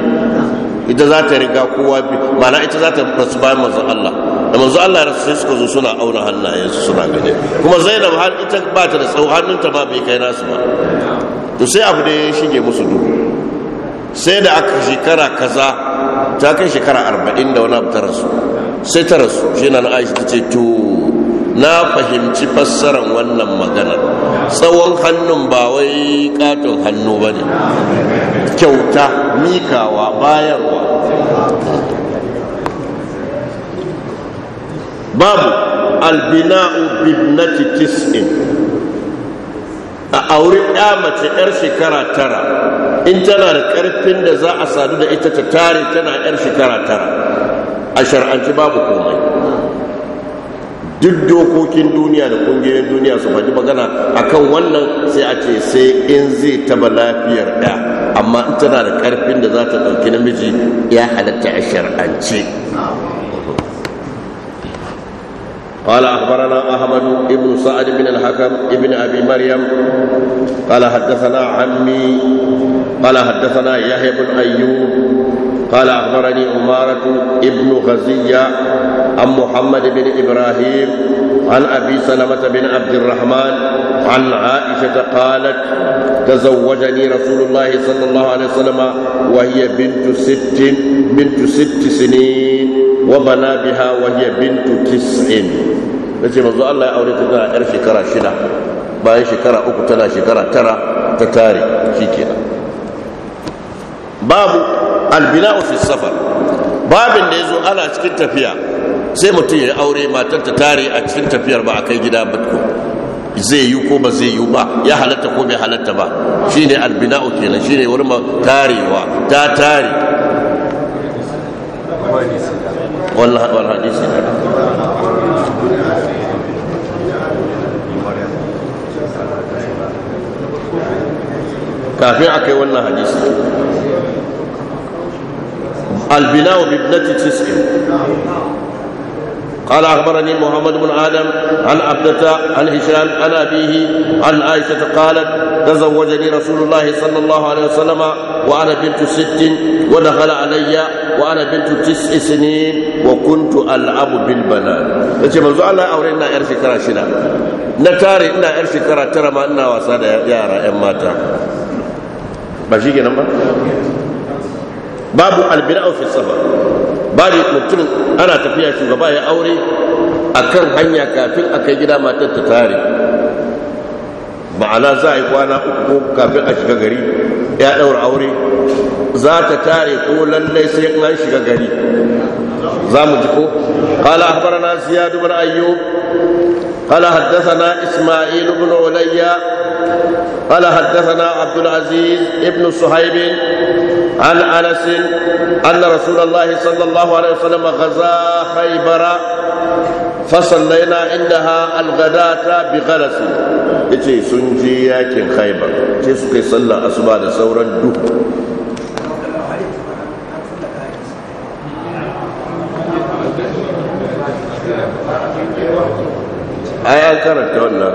ita za ta riga kowa bi mana ita za ta rasu bayan manzo Allah da manzo Allah ya rasu sai suka zo suna auna hannayensu suna gane kuma Zainab har ita ba ta da tsawon hannunta ba bai kai nasu ba to sai abu da ya shige musu duhu sai da aka shekara kaza ta kai shekara arba'in da wani abu rasu sai ta rasu shi na aisha ta ce to na fahimci fassarar wannan magana tsawon hannun ba wai katon hannu ba ne kyauta mikawa bayarwa babu albina'u bibnati tis'in a auri ɗa mace 'yar shekara tara in tana da ƙarfin da za a sadu da ita ta tare tana 'yar shekara tara a shar'anci babu komai duk dokokin duniya da ƙungiyoyin duniya su faɗi magana akan wannan sai a ce sai in zai taba lafiyar ɗa amma in tana da ƙarfin da za ta ɗauki namiji ya halatta a shar'ance قال أخبرنا أحمد بن سعد بن الحكم ابن أبي مريم قال حدثنا عمي قال حدثنا يحيى بن أيوب قال أخبرني أمارة ابن غزية عن محمد بن إبراهيم عن أبي سلمة بن عبد الرحمن عن عائشة قالت تزوجني رسول الله صلى الله عليه وسلم وهي بنت ست بنت ست سنين wa bana biha wa hiya bintu tis'in yace manzo Allah ya aure ta tana yar shekara shida bayan shekara uku tana shekara tara ta tare shikenan babu albina'u fi safar babin da yazo ana cikin tafiya sai mutum ya aure matar ta tare a cikin tafiyar ba a kai gida ba zai yi ko ba zai yi ba ya halatta ko bai halatta ba shine albina'u kenan shine wani tarewa ta tare والله والحديث kafin a kai wannan البناء بابنة تسع قال أخبرني محمد بن آدم عن عبدة عن هشام عن أبيه عن عائشة قالت تزوجني رسول الله صلى الله عليه وسلم وأنا بنت ست ودخل علي wa'ana bintu وانا wa kuntu al'abu bil العب ya ce manzo Allah aure ina yar shekara shida na tare ina yar shekara tara ma ina wasa da yara yan mata ba shi kenan ba babu albira'u fi safar bari mutum ana tafiya shugaba ya aure akan hanya kafin akai gida matar ta tare ma'ana za a yi kwana uku kafin a shiga gari ya daura aure za ta tare ko lallai sai an shiga gari za mu ji ko ayyub kala isma'il ibn ulayya kala haddathana abdul aziz ibn suhayb an fasallaina ha alghadata bi gharasi yace sun je yakin khaibar sai su kai sallar asuba da sauran duk aya karanta wannan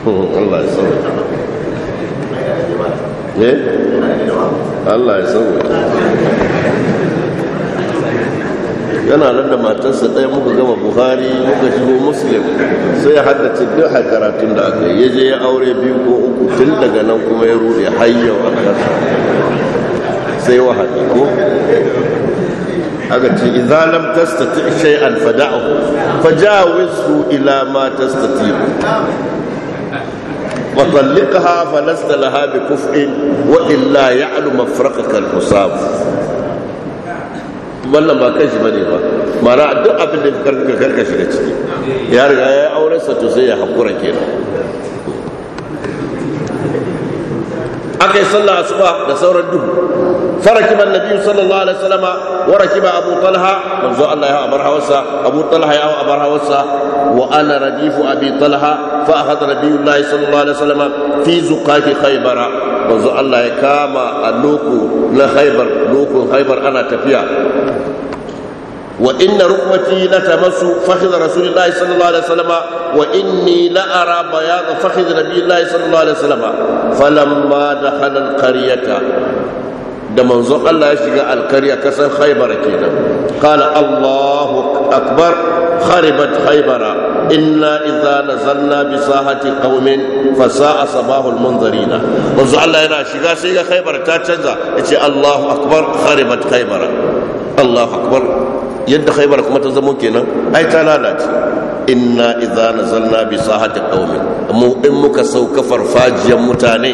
Allah ya sauwa Allah ya muka shigo muslim sai ya haddace duk karatun da aka yi ya je ya aure biyu ko uku tun daga nan kuma ya rude hayyau a ƙasa sai wahala ko aka ce idza lam tastati shay'an fada'hu fajawizhu ila ma tastati wa talliqha falasta laha bi kuf'in wa illa ya'lu mafraqaka al-musab wannan ba kai shi bane ba mara duk abin da ka shiga ciki ya riga ya aure sa to sai ya hakura kenan akai sallah asuba da sauran duhu farakiba annabi sallallahu alaihi wasallama wa rakiba abu talha manzo Allah ya hawa marhawarsa abu talha ya hawa wa ana radifu abi talha fa akhadha nabiyullahi sallallahu alaihi wasallama fi zuqati khaybar manzo Allah ya kama aluku la khaybar luku khaybar ana tafiya وإن ركبتي لتمس فخذ رسول الله صلى الله عليه وسلم وإني لأرى بياض فخذ نبي الله صلى الله عليه وسلم فلما دخل القرية da manzon Allah ya shiga alkariya kasan haibara kenan qala Allahu akbar kharibat haibara inna idza nazalna bi sahati qaumin fa sa'a sabahul munzarina manzon Allah yana shiga sai ga haibara ta canza yace Allahu akbar kharibat haibara Allahu akbar yadda khaibar kuma ta zamo kenan ai ta lalace inna idza nazalna bi sahati qaumin mu in muka sauka farfajiyan mutane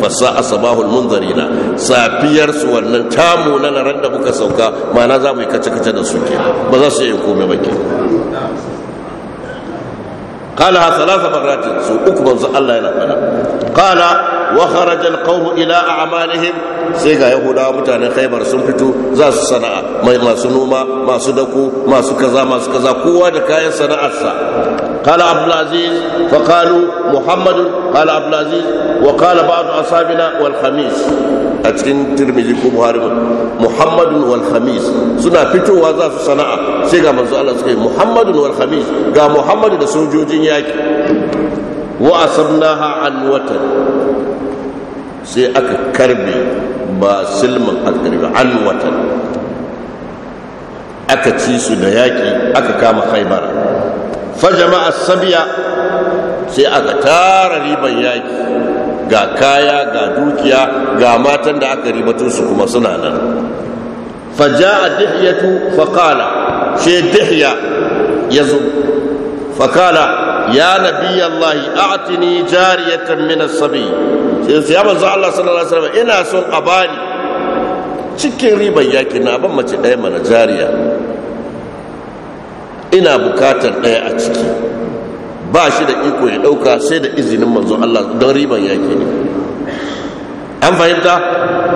fasa sabahul munzarina safiyar su wannan tamu na ran da muka sauka ma'ana za mu yi kace kace da su ke ba za su yi komai ba ke قالها ثلاث مرات سوء Allah الله ينفعنا قال wa kharaja alqawm ila a'malihim sai ga yahudawa mutanen khaybar sun fito za su sana'a mai masu noma masu dako masu kaza masu kaza kowa da kayan sana'arsa قال عبد العزيز Muhammadu, kala قال عبد العزيز وقال بعض اصحابنا والخميس a cikin tirmidhi ko buhari muhammadun wal khamis suna fitowa za su sana'a sai ga manzo Allah suka yi muhammadun wal khamis ga muhammadu da sojojin yaki wa asabnaha an watan sai aka karbe ba silman alkarbi an watan aka ci su da yaƙi aka kama haibar fajama sabiya sai aka tara riban yaƙi ga kaya ga dukiya ga matan da aka ribato su kuma suna nan a dihiyatu faqala sai dihiya yazo fakala ya nabi Allah a'tini jariyatan min as-sabi sai ya manzo Allah sallallahu alaihi wasallam ina son a bani cikin riban yaki na ban mace ɗaya mana jariya ina bukatar ɗaya a ciki ba shi da iko ya ɗauka sai da izinin manzo Allah don riban yaki ne an fahimta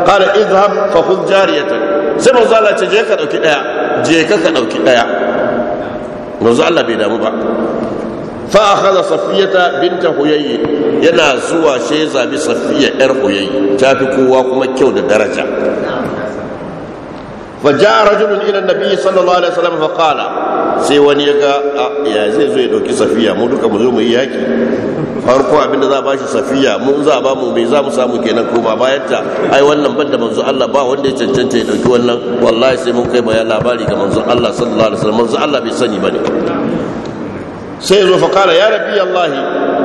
qala idhhab fa khudh jariyatan sai manzo Allah ce je ka ɗauki ɗaya je ka ka ɗauki ɗaya manzo Allah bai damu ba fa akhadha safiyata binta huyayi yana zuwa sai zabi safiya yar huyayi ta fi kowa kuma kyau da daraja فجاء رجل الى النبي sallallahu alaihi wasallam fa فقال sai wani ya ga ya zai zo ya dauki safiya mu duka mu zo mu yi yaki farko abin da za ba shi safiya mu za ba mu mai za mu samu kenan ko ba bayan ta ai wannan ban da manzo Allah ba wanda ya cancanta ya dauki wannan wallahi sai mun kai bayan labari ga manzo Allah sallallahu alaihi wasallam manzo Allah bai sani bane sai zo fa kala ya rabbi Allah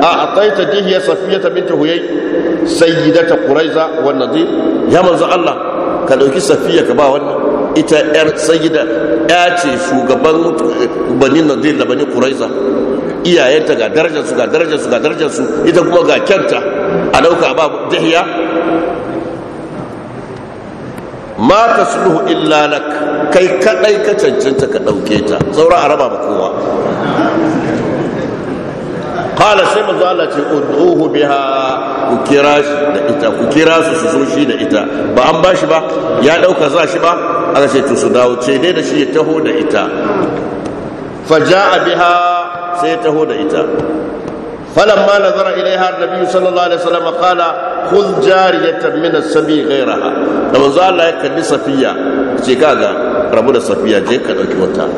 a ataita dihiya safiyata bint huyay sayyidata quraiza wan nadir ya manzo Allah ka dauki safiya ka ba wannan ita yar sayyida ya ce shugaban bani nadir da bani quraiza iyayenta ga darajar su ga darajar su ga darajar su ita kuma ga kyanta a dauka ba dihiya ma tasluhu illa lak kai kadai ka cancanta ka dauke ta saura araba ba kowa kala sai mazu Allah ce ud'uhu biha ku kira shi da ita ku kira su su shi da ita ba an ba shi ba ya dauka za shi ba aka ce to su dawo ce dai da shi ya taho da ita faja'a biha sai ya taho da ita فلما نظر إليها النبي صلى الله عليه وسلم قال خذ جارية من السبي غيرها لما زال الله يكن صفية da ربنا صفية جيكا دوكي wata.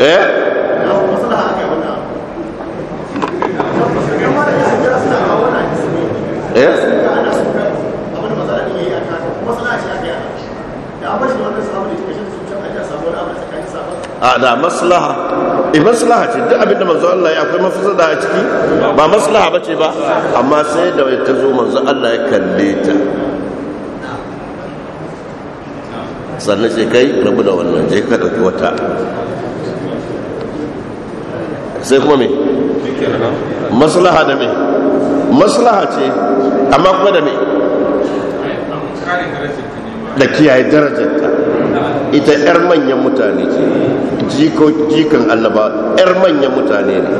Eh? Eh? a da maslaha eh, maslaha ce duk abinda manzo Allah ya akwai mafisa da ciki ba maslaha bace ba amma sai da ta zo manzo Allah ya kalle ta sannan sai kai rabu da wannan je ka dauki wata sai kuma me maslaha da me maslaha ce amma kuma da me da kiyaye darajarta ita 'yar manyan mutane ce jikan Allah ba yar manyan mutane ne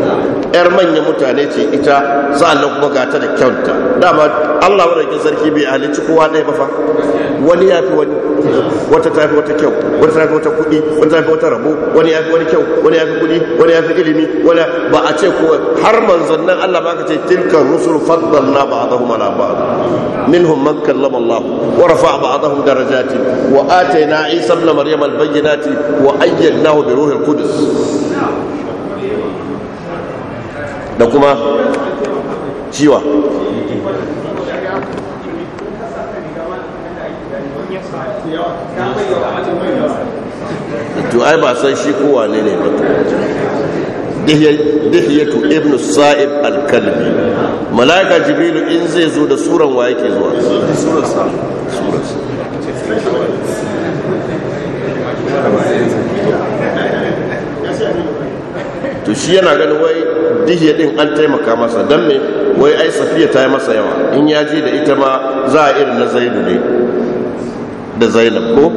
yar manyan mutane ce ita sa'annan kuma gata da kyauta dama Allah madaukin sarki bai halicci kowa ɗaya ba fa wani ya fi wani wata fi wata kyau wata fi wata kuɗi wata fi wata rabo wani ya fi wani kyau wani ya fi kuɗi wani ya fi ilimi wani ba a ce kowa har manzon nan Allah ba ka ce tilkan rusul faddalna ba'dahum ala ba'd minhum man kallama Allah wa rafa'a ba'dahum darajati wa atayna Isa ibn Maryam al-bayyinati wa ayyadnahu bi ruhul kudus da kuma ciwa to ai ba san shi kowa ne ne ba dihiyatu ibn sa'ib al-kalbi mala'ika jibrilu in zai zo da suran wa yake zuwa surar sa surar sa to shi yana ganin wai dihiya din an taimaka masa don me wai ai safiya ta yi masa yawa in ya je da ita ma za a irin na zaidu ne da zainab ko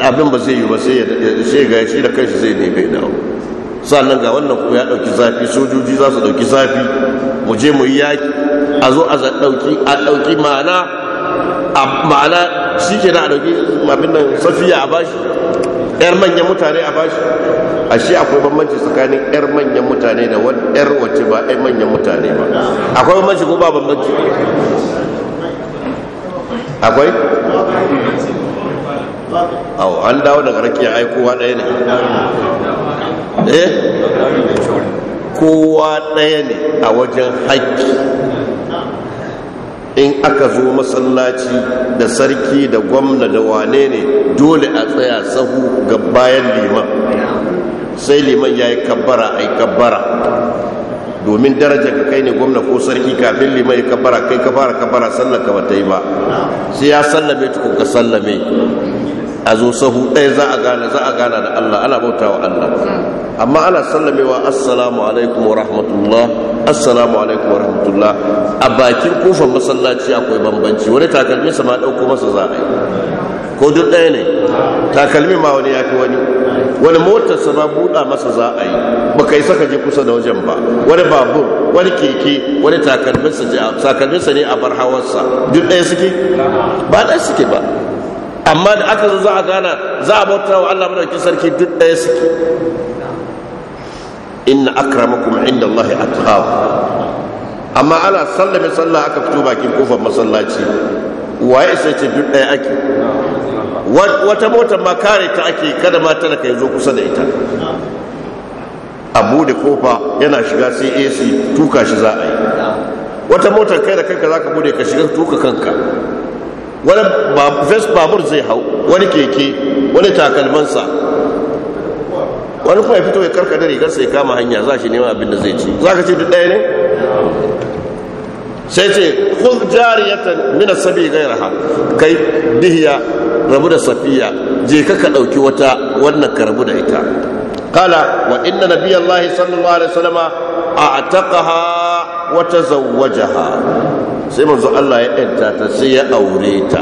abin ba zai yi ba sai ga shi da kanshi zai ne bai dawo sannan ga wannan ko ya dauki zafi sojoji za su dauki zafi mu je mu yi yaki a zo a dauki a dauki ma'ana ma'ana shi ke na a dauki abin nan safiya a bashi yar manyan mutane a bashi ashe akwai bambanci tsakanin yar manyan mutane da yar wacce ba yar manyan mutane ba akwai bambanci ko ba bambanci akwai au an dawo daga rakiya ai kowa ɗaya ne eh kowa ɗaya ne a wajen haƙƙi in aka zo masallaci da sarki da gwamna da wane ne dole a tsaya sahu ga bayan liman sai liman ya yi kabbara a yi kabbara domin darajar ka kai ne gwamna ko sarki kafin liman ya kabbara kai ka fara kabbara sallaka ba ta yi ba sai ya sallame tuku ka sallame a zo sahu ɗaya za a gane za a gana da allah ana bautawa allah amma ana sallamewa assalamu alaikum wa rahmatullah assalamu alaikum wa rahmatullah a bakin kofar masallaci akwai bambanci wani takalmin sa ma dauko masa za a yi ko duk ɗaya ne takalmin ma wani yafi wani wani motar sa ma buɗa masa za a yi ba kai saka je kusa da wajen ba wani babur wani keke wani takalmin sa takalmin sa ne a bar hawarsa duk ɗaya suke ba ɗaya suke ba amma da aka zo za a gana za a bauta wa Allah madaukakin sarki duk ɗaya suke inna akramakum inda Allah ya atqaku amma ala sallame salla aka fito bakin kofar masallaci waye sai ce duk ɗaya ake wata motar ma kare ta ake kada ma tana kai zo kusa da ita a bude kofa yana shiga sai ac tuka shi za a yi wata motar kai da kanka za ka bude ka shiga tuka kanka wani Vespa babur zai hau wani keke wani takalmansa wani kuma ya fito ya karkata rigarsa ya kama hanya za shi neman abin da zai ci za ka ce duk ɗaya ne sai ce kun jariyatan mina sabi gairaha kai dihiya rabu da safiya je ka ka ɗauki wata wannan ka rabu da ita kala wa inna nabiyallahi sallallahu alaihi wasallama a wata wa tazawwajaha sai manzo Allah ya ɗanta ta sai ya aure ta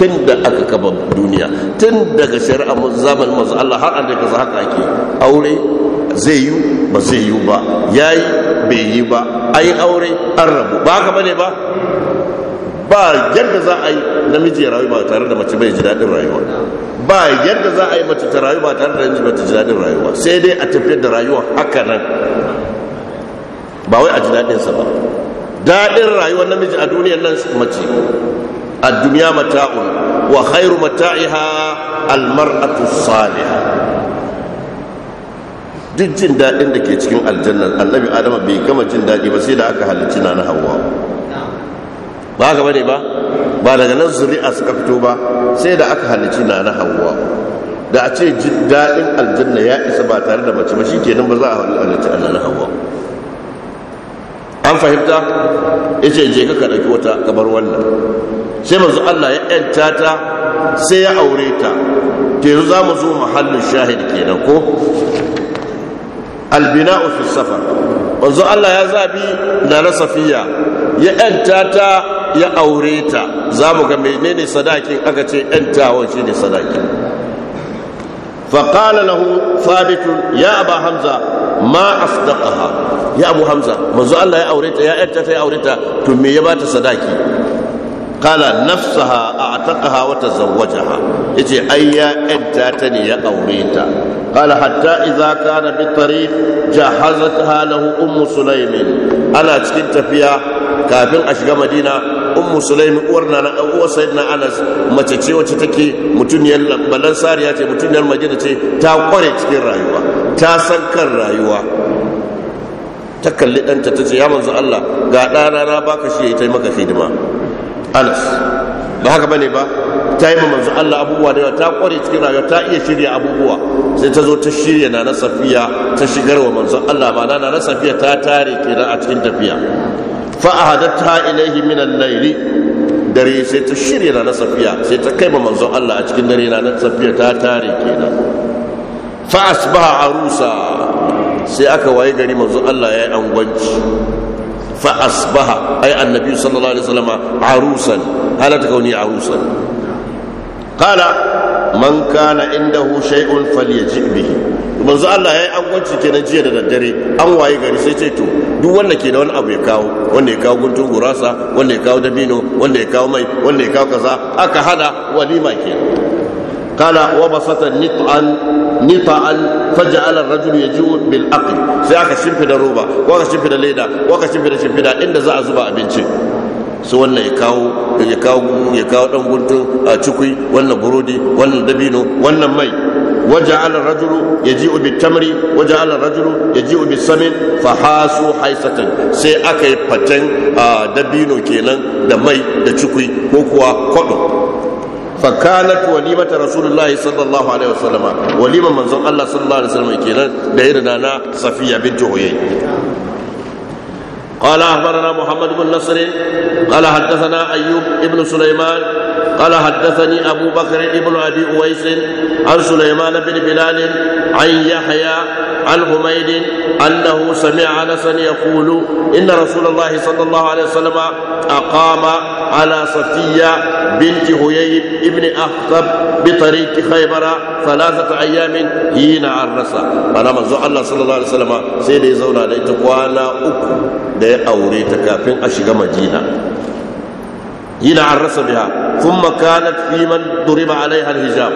tun da aka kaba duniya tun daga shari'a zaman masu Allah har an daga haka ake aure zai yi ba zai yi ba ya yi bai yi ba ayi aure an rabu ba haka bane ba ba yadda za a yi namiji ya rayu ba tare da mace bai ji daɗin rayuwa ba yadda za a yi mace ta rayu ba tare da namiji ba ta ji daɗin rayuwa sai dai a tafiyar da rayuwa haka nan ba wai a ji daɗinsa ba daɗin rayuwar namiji a duniyar nan mace الدنيا متاع وخير متاعها المرأة الصالحة duk jin daɗin da ke cikin aljannar annabi adama bai gama jin daɗi ba sai da aka halicci na na hawa ba haka bane ba ba daga nan zuri'a suka fito ba sai da aka halicci na na hawa da a ce jin daɗin aljanna ya isa ba tare da mace ba shi kenan ba za a halicci na na hawa an fahimta ya ce je ka ɗauki wata gabar wannan sai mazu Allah ya yanta ta sai ya aure ta ke za mu zo mahallin shahid da ko albina fi safa mazu Allah ya zabi na na safiya ya yanta ta ya aure ta za mu ga menene sadakin aka ce yantawan shi ne sadakin na hu ثابت ya aba hamza. ma asdaqaha ya abu hamza manzo Allah ya aure ta ya yarda ta ya aure ta to me ya bata sadaki qala nafsaha a'taqaha wa tazawwajaha yace ai ya yarda ta ne ya aure ta qala hatta idza kana bi tariq jahazatha lahu ummu sulaym ana cikin tafiya kafin a shiga madina ummu sulaym uwar nana dan uwar sayyidina anas mace ce wacce take mutuniyar balansariya ce mutuniyar madina ce ta kware cikin rayuwa ta san kan rayuwa ta kalli ɗanta ta ce ya manzo Allah ga ɗana na baka shi ya yi maka hidima anas ba haka bane ba ta yi manzo Allah abubuwa da yawa ta kware cikin rayuwa ta iya shirya abubuwa sai ta zo ta shirya na na safiya ta shigar wa manzo Allah ba na na safiya ta tare kenan a cikin tafiya fa ahadatta ilaihi min al-layli dare sai ta shirya na na safiya sai ta kai manzo Allah a cikin dare na na safiya ta tare kenan Fa'as ba a arusa sai aka waye gari mazu Allah ya yi angwanci ba a yi annabi sallallahu alaihi a arusan halatta kauni arusan kala man kana indahu shay'un falyaji jibi mazu Allah ya yi angwanci na jiya da daddare an waye gari sai ce to duk wanda ke da wani abu ya kawo wanda ya kawo guntun gurasa wanda ya kawo dabino wanda ya kawo mai wanda ya kawo kaza aka hada walima kenan kala wa basata nit'an nit'an faj'ala ar-rajul yaj'u bil aql sai aka shimfida roba ko aka shimfida leda ko aka shimfida shimfida inda za a zuba abinci su wannan ya kawo ya kawo ya a cikui wannan burodi wannan dabino wannan mai waja'ala ar-rajulu yaji'u bit tamri waja'ala ar-rajulu yaji'u bis samin fa hasu haisatan sai aka yi faten dabino kenan da mai da cikui ko kuwa kwado fakanat walimata rasulullahi sallallahu alaihi wasallama waliman manzon Allah sallallahu alaihi wasallam kenan da yin nana safiya bint huyay qala ahbarana muhammad ibn nasr qala haddathana ayyub ibn sulaiman قال حدثني أبو بكر بن أبي أويس عن سليمان بن بلال عن يحيى عن حميد أنه سمع أنسا يقول إن رسول الله صلى الله عليه وسلم أقام على صفية بنت هيي بن أخطب بطريق خيبر ثلاثة أيام حين عرس أنا مزوع الله صلى الله عليه وسلم سيدي زولا ليتقوانا أكو da ya aure ta kafin a shiga madina yana an rasa biya kuma kanat fi man duriba alaiha hijab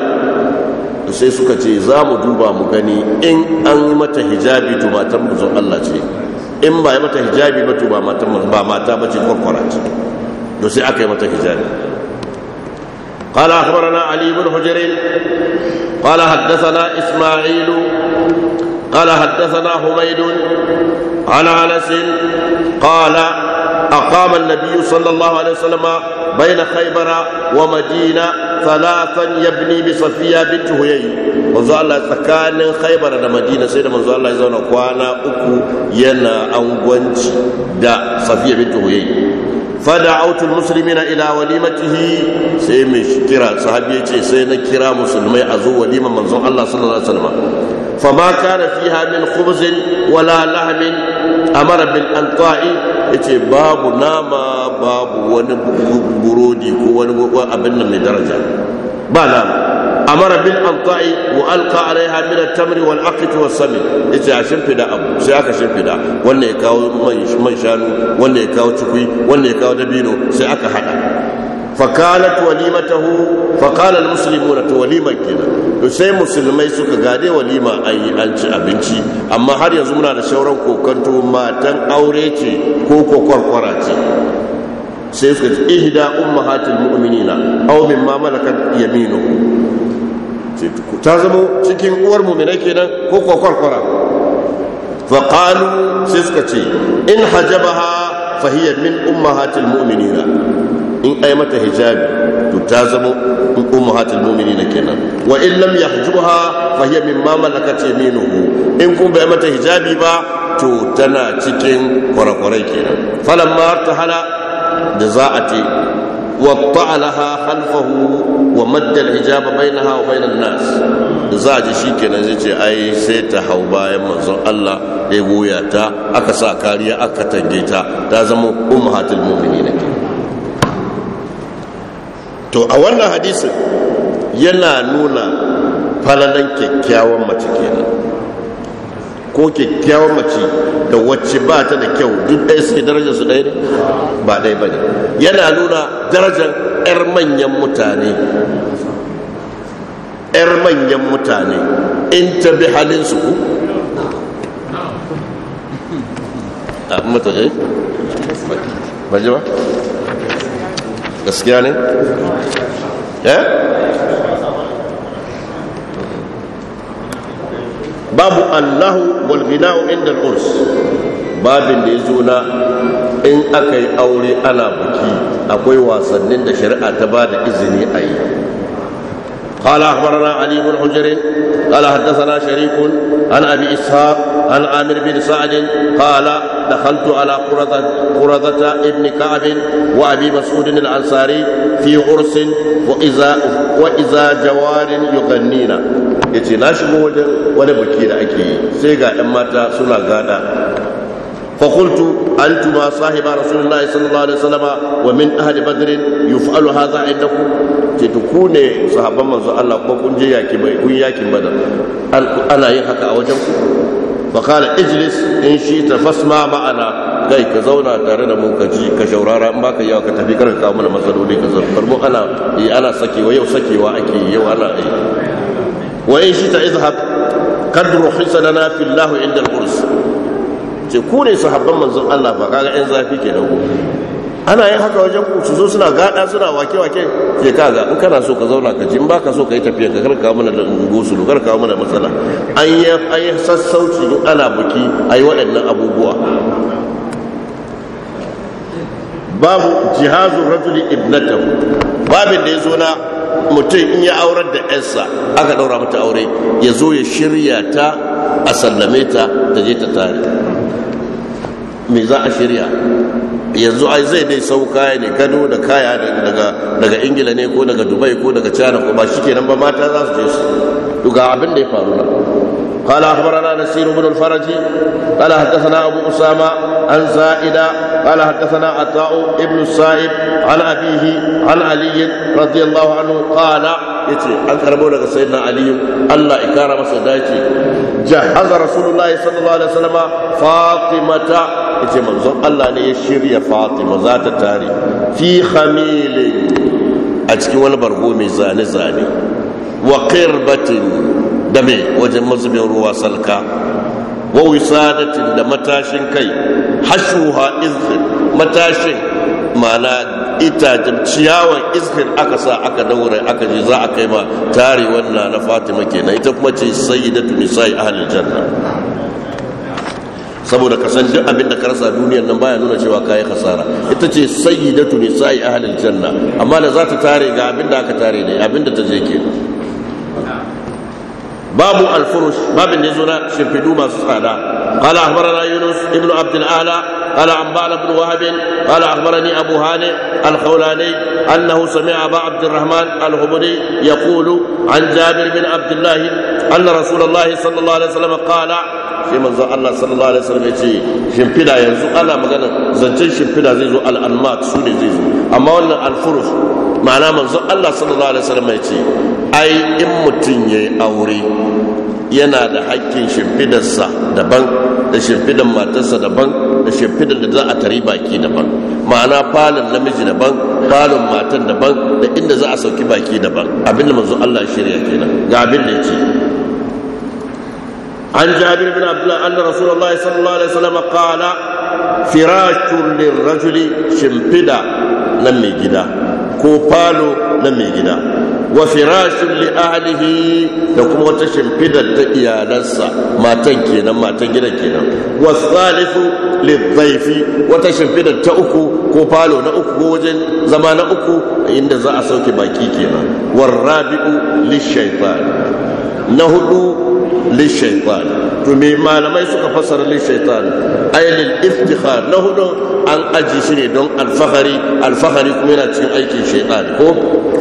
sai suka ce za mu duba mu gani in an yi mata hijabi to matan manzon Allah ce in ba yi mata hijabi ba to ba mata ba mata ba ce kwarkwara ce to sai aka yi mata hijabi قال أخبرنا علي بن حجر قال حدثنا إسماعيل قال حدثنا حميد عن أنس قال أقام النبي صلى الله عليه وسلم بين خيبر ومدينة ثلاثا يبني بصفية بنت هيي manzo Allah tsakanin Khaibar da Madina sai da manzo Allah ya zauna kwana uku yana angwanci da Safiya bint Huyay fada'autul muslimina ila walimatihi sai mai kira sahabi ya ce sai na kira musulmai a zo walima manzon Allah sallallahu alaihi wasallam fama kana fiha min khubzin wala lahmin amara bil anqa'i yace babu nama babu wani burodi ko wani abin nan mai daraja ba nama amara bin alqa'i wa alqa alaiha min at-tamr wal aqit was sami yace a shimfida abu sai aka shimfida wannan ya kawo man shanu wannan ya kawo cikui wannan ya kawo dabino sai aka hada فقالت وليمته فقال المسلمون to waliman kenan to sai musulmai suka gade walima ayi an ci abinci amma har yanzu muna da shauran kokanto matan aure ce ko kokwarkwara ce sai suka ce ihda ummahatul mu'minina aw mimma malakat yaminuhu ku ta zama cikin uwar mu'minai kenan ko kuwa kwarkwara sai suka ce in hajabaha fa min in ai mata hijabi to ta zama kenan wa in lam in kun bai mata hijabi ba to tana cikin kwarakwarai kenan falamma tahala da za a ce wa ta'alaha wa maddal hijaba bainaha wa bainan nas za ji shikenan zai ce ai sai ta hau bayan manzon Allah ya goya ta aka sa kariya aka tange ta ta zama ummatul mu'minin to a wannan hadisin yana nuna falalan kyakkyawan mace kenan ko kyakkyawar mace da wacce ba ta da kyau duk ɗaya suke darajar su ɗaya ne ba ɗaya ba ne yana nuna darajar 'yar manyan mutane 'yar manyan mutane in ta bi halin su ku a ah, mata eh ba ji ba gaskiya ne eh babu allahu wal ghina'u inda al-urs babin da yazo na in aka yi aure ana biki akwai wasannin da shari'a ta ba da izini a yi قال اخبرنا علي بن حجر قال حدثنا شريك عن ابي اسحاق عن عامر بن سعد قال دخلت على قرظة, قرظة ابن كعب وابي مسعود الانصاري في عرس واذا واذا جوار يغنينا ya ce na shigo wajen wani buki da ake yi sai ga 'yan mata suna gada fakultu antuma sahiba rasulullahi sallallahu alaihi wasallama wa min ahli badrin yuf'alu hadha indaku ce to ku ne sahabban manzo Allah ko kun je yaki bai kun yakin badar ana yin haka a wajen ku fa qala ijlis in shi ta fasma ma'ana kai ka zauna tare da mu ka ji ka shaurara in baka yawa ka tafi kar ka kawo mana matsaloli ka zo farmo ana sakewa yau sakewa ake yau waye shi ta izhab sa na na fi lahu inda al-urs ce ku ne sahabban manzon Allah ba kaga yan zafi ke dago ana yin haka wajen ku su zo suna gada suna wake wake ke kaga in kana so ka zauna ka ji ba ka so ka yi tafiya ka karka mana gusulu karka mana matsala an yi yi sassauci in ana buki yi waɗannan abubuwa babu jihazun rajuli ibnatahu babin da ya zo na mutum in ya aurar da yarsa aka daura mata aure ya zo ya shirya ta a sallame ta da je ta tare me za a shirya yanzu ai zai dai sau kaya ne kano da kaya daga ingila ne ko daga dubai ko daga china ko ba shi kenan ba mata za su je su abin da ya faru na قال اخبرنا نسير بن الفرج قال حدثنا ابو اسامه عن زائده قال حدثنا عطاء ابن السائب عن ابيه عن علي رضي الله عنه قال yace an karbo daga sayyidina aliyu Allah ya kara masa dace jahaza rasulullahi sallallahu alaihi wasallama manzon Allah ne ya shirya fatima za ta tare fi khamilin a cikin wani bargo mai zane zane wa qirbatin dame wajen mazubin ruwa salka wa wisadatin da matashin kai hashuha izhir matashin mana itacen ciyawan izhir aka sa aka daure aka ji za a kai ma tare wannan na fatima kenan ita kuma ce sayyidatu nisa'i ahlil janna saboda ka san duk abin da ka rasa duniyar nan baya nuna cewa kayi khasara ita ce sayyidatu nisa'i ahlil janna amma da za ta tare ga abin da aka tare ne abin da ta je kenan باب الفرش باب النزول شبدو ما سعدا قال أخبرنا يونس ابن عبد الأعلى قال عمال بن وهب قال أخبرني أبو هاني الخولاني أنه سمع أبا عبد الرحمن الغبري يقول عن جابر بن عبد الله أن رسول الله صلى الله عليه وسلم قال sai manzon Allah sallallahu alaihi wasallam ya ce shimfida yanzu ana magana zancen shimfida zai zo al-anmat su ne amma wannan al-furus ma'ana manzon Allah alaihi ya ce ai in mutum ya yi aure yana da hakkin shimfidarsa daban da shimfidar matarsa daban da shimfidar da za a tari baki daban ma'ana falon namiji daban falon matan daban da inda za a sauki baki daban abin da manzo Allah shirya kenan ga abin da yake an jabir bin Allah anna rasulullahi sallallahu alaihi wasallam qala firashun lirrajuli shimfida na mai gida ko falo na mai gida wa firashin li da kuma wata shimfidar ta iyalansa matan kenan matan gida kenan wa salisu lizaifi wata shimfidar ta uku ko falo na uku ko wajen zama na uku inda za a sauke baki kenan war rabi'u li na hudu li to me malamai suka fassara lil shaitan ay lil iftikhar na hudu an aji shi ne don alfahari alfahari kuma yana cikin aikin shaitan ko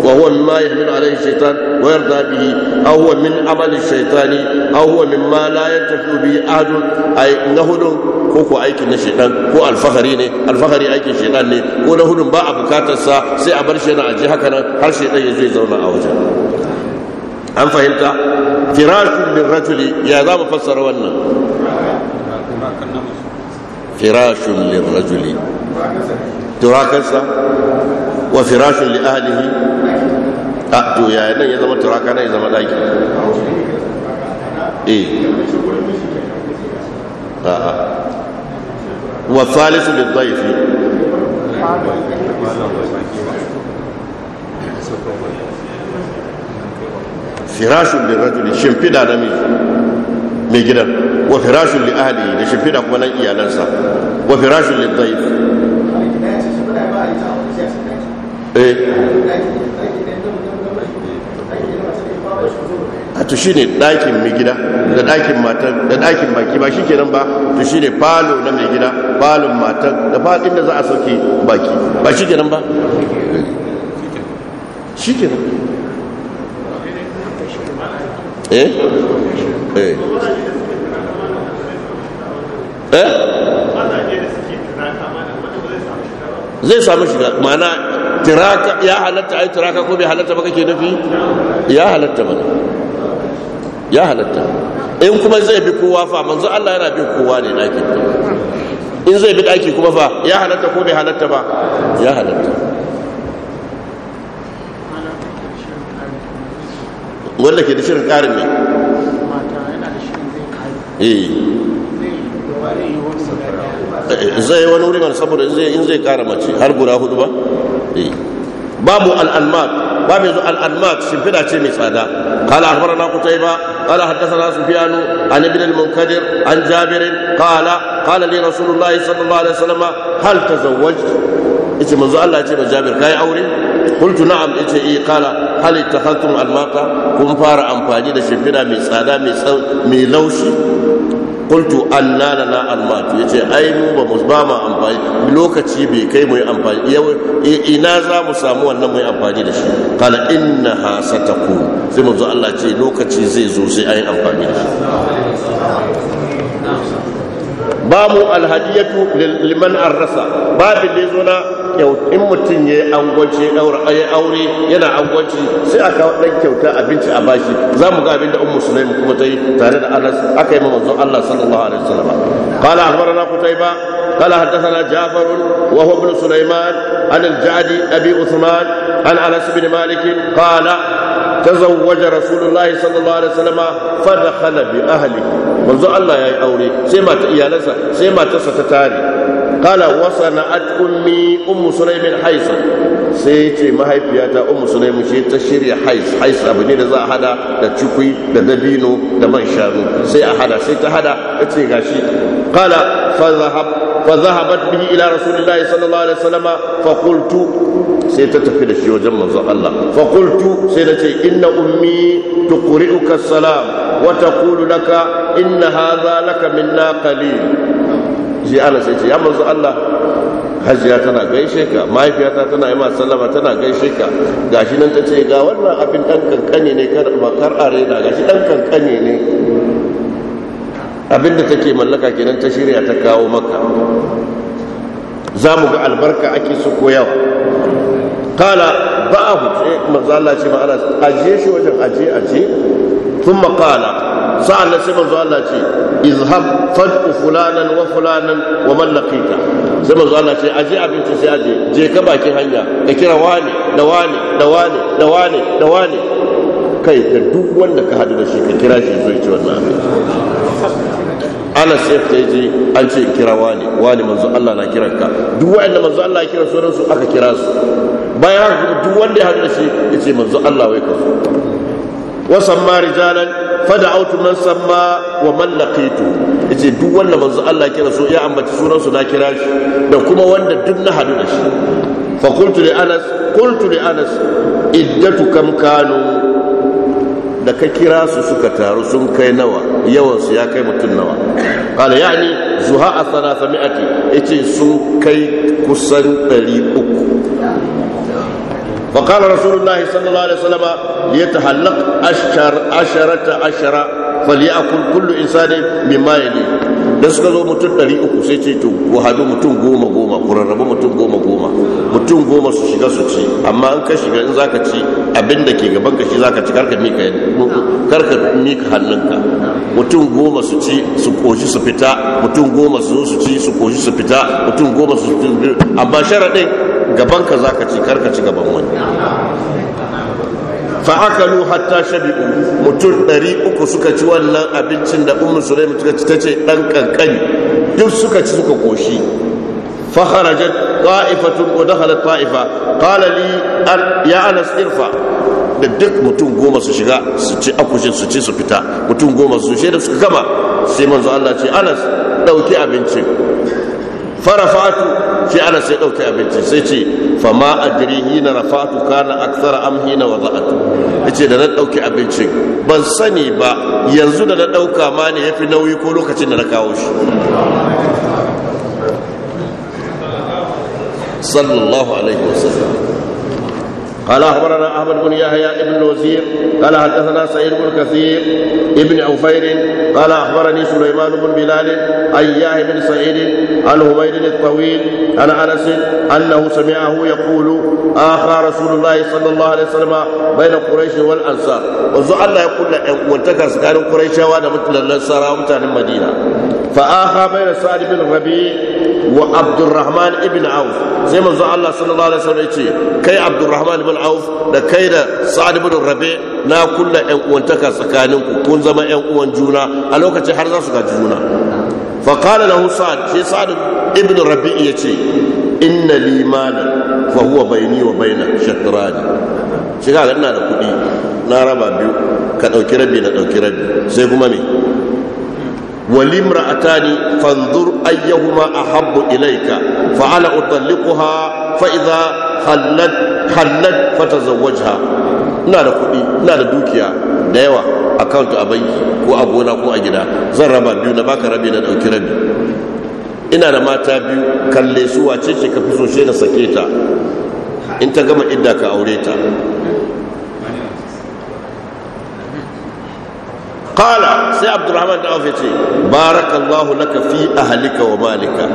wa huwa mimma yahmilu alayhi shaitan wa yarda bihi aw huwa min amali shaitani aw huwa mimma la yantafi bihi ahadun ay na hudu ko ko aikin na shaitan ko alfahari ne alfahari aikin shaitan ne ko na hudun ba a bukatar sa sai a bar shi na aji haka nan har shaitan ya zo ya zauna a wajen أن فهمت فراش للرجل يا ذا مفسر ونا فراش للرجل تراكسة وفراش لأهله أأتوا يا إنا إذا ما تراكنا إذا ما دايك إيه آه. آه. وثالث للضيف firashun da rajuli shimfida na mai gidan wa firashun li ahli da shimfida kuma nan iyalansa wa firashun li daif eh. a to shi ne ɗakin mai gida da ɗakin matan da ɗakin baki ba shi kenan ba to shi ne falo na mai gida falon matan da faɗin da za a sauke baki ba shi ba shi eh eh eh zai samu shiga mana tiraka ya halatta ai tiraka ko bai halatta ba kake nufi ya halatta ba ya halatta in kuma zai bi kowa fa manzo Allah yana bin kowa ne daki in zai bi daki kuma fa ya halatta ko bai halatta ba ya halatta wanda ke da shirin karin ne. zai eh. wani wuri mana saboda in zai kara mace har guda hudu ba eh. babu al'almat babu yanzu al'almat shimfiɗa ce mai tsada kala akbara na kutai ba kala haddasa na sufiyanu an ibn al-munkadir an jabirin kala kala ne rasulullahi sallallahu alaihi wasallam hal ta tazawwajtu yace manzo Allah ya ce ba jabir kai aure qultu na'am yace eh kala hal tahattum alwaqa kun fara amfani da shimfiɗa mai tsada mai laushi kultu an lalala almatu yace ai mu ba mu ba ma amfani lokaci bai kai mu amfani yau eh, ina za mu samu wannan mu amfani da shi qala innaha satakun sai manzo Allah ce lokaci zai zo sai ai amfani da shi bamu alhadiyatu liman arrasa babu da zo na in mutum ya yi angwanci ya aure yana angwanci sai aka kawo ɗan kyauta abinci a bashi za mu ga abin da ummu sulaim kuma ta yi tare da anas aka yi ma manzon Allah sallallahu alaihi wasallam qala akhbarana qutayba qala haddathana ja'far wa huwa ibn sulaiman an al-jadi abi uthman an anas bin malik qala تزوج رسول الله صلى الله عليه وسلم فدخل بأهله منذ الله يا أوري سيما إيالسا سيما تستتاري qala wa sana'at ummi ummu sulaimin haisa sai ya ce mahaifiyata ummu sulaimu ce ta shirya hais hais abu ne da za a hada da cikui da dabino da man shanu sai a hada sai ta hada ta ce gashi qala fa zahab fa zahabat bihi ila rasulillahi sallallahu alaihi wasallam fa qultu sai ta tafi da shi wajen manzon Allah fa qultu sai ta ce inna ummi tuqri'uka salam wa taqulu laka inna hadha laka minna qalil sai ana sai ce ya manzo allah hajiya tana gaishe ka mahaifiyata tana yi masu sallama tana gaishe ka gashi nan ta ce ga wannan abin dan kankane ne kar bakar arena gashi dan kankane ne abin da take mallaka kenan ta shirya ta kawo maka za mu ga albarka ake su koyawa kala ba'a hutse manzo Allah ce ma ajiye shi wajen ajiye ajiye sun qala sa'an na sai manzo Allah ce izhab fad'u fulanan wa fulanan wa mallakita. sai manzo Allah ce aje abinci sai aje je ka baki hanya ka kira wani da wani da wani da wani da wani kai da duk wanda ka hadu da shi ka kira shi zai ci wannan abinci ana sai ta je an ce kira wani wani manzo Allah na kiran ka duk wanda manzo Allah ya kira sunan su aka kira su bayan haka duk wanda ya hadu da shi ce manzo Allah wai ka wasan ma rijalan fada'autu man ma wa man laqitu yace duk wanda manzo Allah kira so ya ambaci sunan su na kira shi da kuma wanda duk na hadu da shi fa qultu li Anas qultu li Anas iddatu kam kanu da ka kira su suka taru sun kai nawa yawan su ya kai mutum nawa qala yani zuha 300 yace sun kai kusan 300 فقال رسول الله صلى الله عليه وسلم يتحلق أشهر عشرة عشرة فليأكل كل إنسان مما يليه da suka zo mutum ɗari uku sai ce to ku haɗu mutum goma goma ku mutum goma goma mutum goma su shiga su ci amma an ka shiga in za ka ci abin da ke gaban ka shi za ka ci karka mika karka mika hannunka mutum goma su ci su koshi su fita mutum goma su zo su ci su koshi su fita mutum goma su amma sharaɗin gaban ka kaci, ci karka ci gaban wani fa'akalu hatta shabi'u mutum ɗari uku suka ci wannan abincin da umar sulaim mutum ci ce ɗan kankani duk suka ci suka koshi fa kharajat ko da halar qa'ifa kalali ya anas irfa da duk mutum goma su shiga su ci akushin su ci su fita mutum goma su da suka gama sai manzo Allah ce anas dauki abincin farafatu shi ana sai ɗauki abinci sai ce fama adiri hina rafatu kana aksara am na wa za'atu yace da na ɗauki abincin ban sani ba yanzu da na ɗauka ma ne yafi nauyi ko lokacin da na kawo shi sallallahu alaihi wasallam قال اخبرنا احمد بن يحيى ابن الوزير قال حدثنا سعيد بن كثير ابن عفير قال اخبرني سليمان بن بلال عن يحيى بن سعيد عن هبيل الطويل عن انس انه سمعه يقول اخى رسول الله صلى الله عليه وسلم بين قريش والانصار وزعل الله يقول لك وانتكر سكان قريش وانا مثل الانصار ومتان المدينه فآخى بين سعد بن ربيع وعبد الرحمن ابن عوف زي ما زال الله صلى الله عليه وسلم يتي كي عبد الرحمن بن عوف da kai da sa'ad bin rabi na kulla yan uwantaka tsakanin ku kun zama yan uwan juna a lokacin har za su ga juna fa qala lahu sa'ad sai sa'ad ibn rabi yace inna li malan fa huwa bayni wa bayna shatrani shiga ga ina da kuɗi na raba biyu ka ɗauki rabi na ɗauki rabi sai kuma me ولامرأتان فانظر أيهما أحب إليك فعلى أطلقها فإذا حلت حلت فتزوجها ina da kuɗi ina da dukiya da yawa account a banki ko a gona ko a gida zan raba biyu na baka rabi na ɗauki rabi ina da mata biyu kalle su wace ce ka fi so na sake ta in ta gama idda ka aure ta qala sai abdurrahman da auf yace barakallahu laka fi ahlika wa malika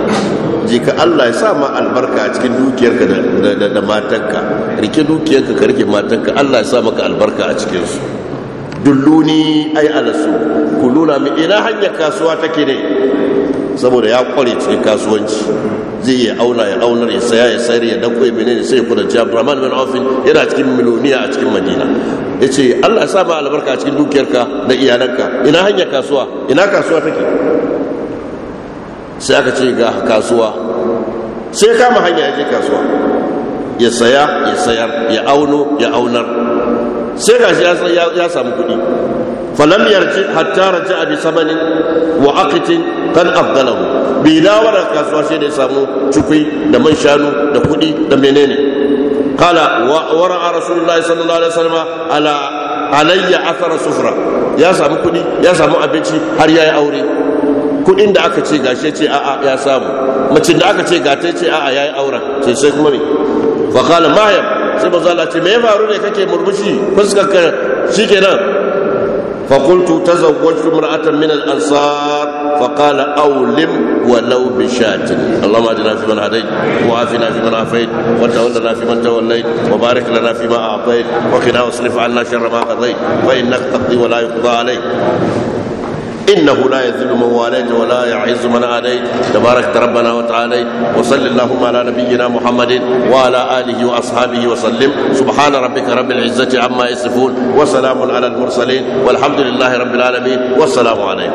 jika Allah ya sa ma albarka a cikin dukiyarka da matanka rike dukiyarka ka rike matanka Allah ya sa maka albarka a cikin su dulluni ay alasu ku nuna ina hanyar kasuwa take ne saboda ya kware cikin kasuwanci zai iya auna ya aunar ya saya ya sayar ya dako ya menene sai kuda ci abdurrahman bin auf yana cikin miloniya a cikin madina ya ce allah ya sa ma albarka a cikin dukiyarka da iyalanka ina hanya kasuwa ina kasuwa take sai aka ce ga kasuwa sai kama hanya ya je kasuwa ya saya ya sayar ya auno ya aunar sai shi ya samu kuɗi falam yarji hatta raja'a bi samanin wa aqtin kan afdalahu bi dawara kasuwa sai da samu cukui da man shanu da kuɗi da menene kala wara rasulullahi sallallahu alaihi wasallam ala alayya athara sufra ya samu kuɗi ya samu abinci har ya yi aure kuɗin da aka ce gashe ce a'a ya samu mace da aka ce gata ce a'a ya yi auren sai sai kuma me fa kala mayam sai manzo Allah ce me ya faru ne kake murmushi fuskar shikenan tazawwajtu تزوجت min al ansar فقال أولم ولو بشاة اللهم أجنا في من هديت وعافنا في من عافيت وتولنا في من توليت وبارك لنا فيما أعطيت وقنا واصرف عنا شر ما قضيت فإنك تقضي ولا يقضى عليك إنه لا يذل من واليت ولا يعز من آليت تبارك ربنا وتعالى وصل اللهم على نبينا محمد وعلى آله وأصحابه وسلم سبحان ربك رب العزة عما يصفون وسلام على المرسلين والحمد لله رب العالمين والسلام عليكم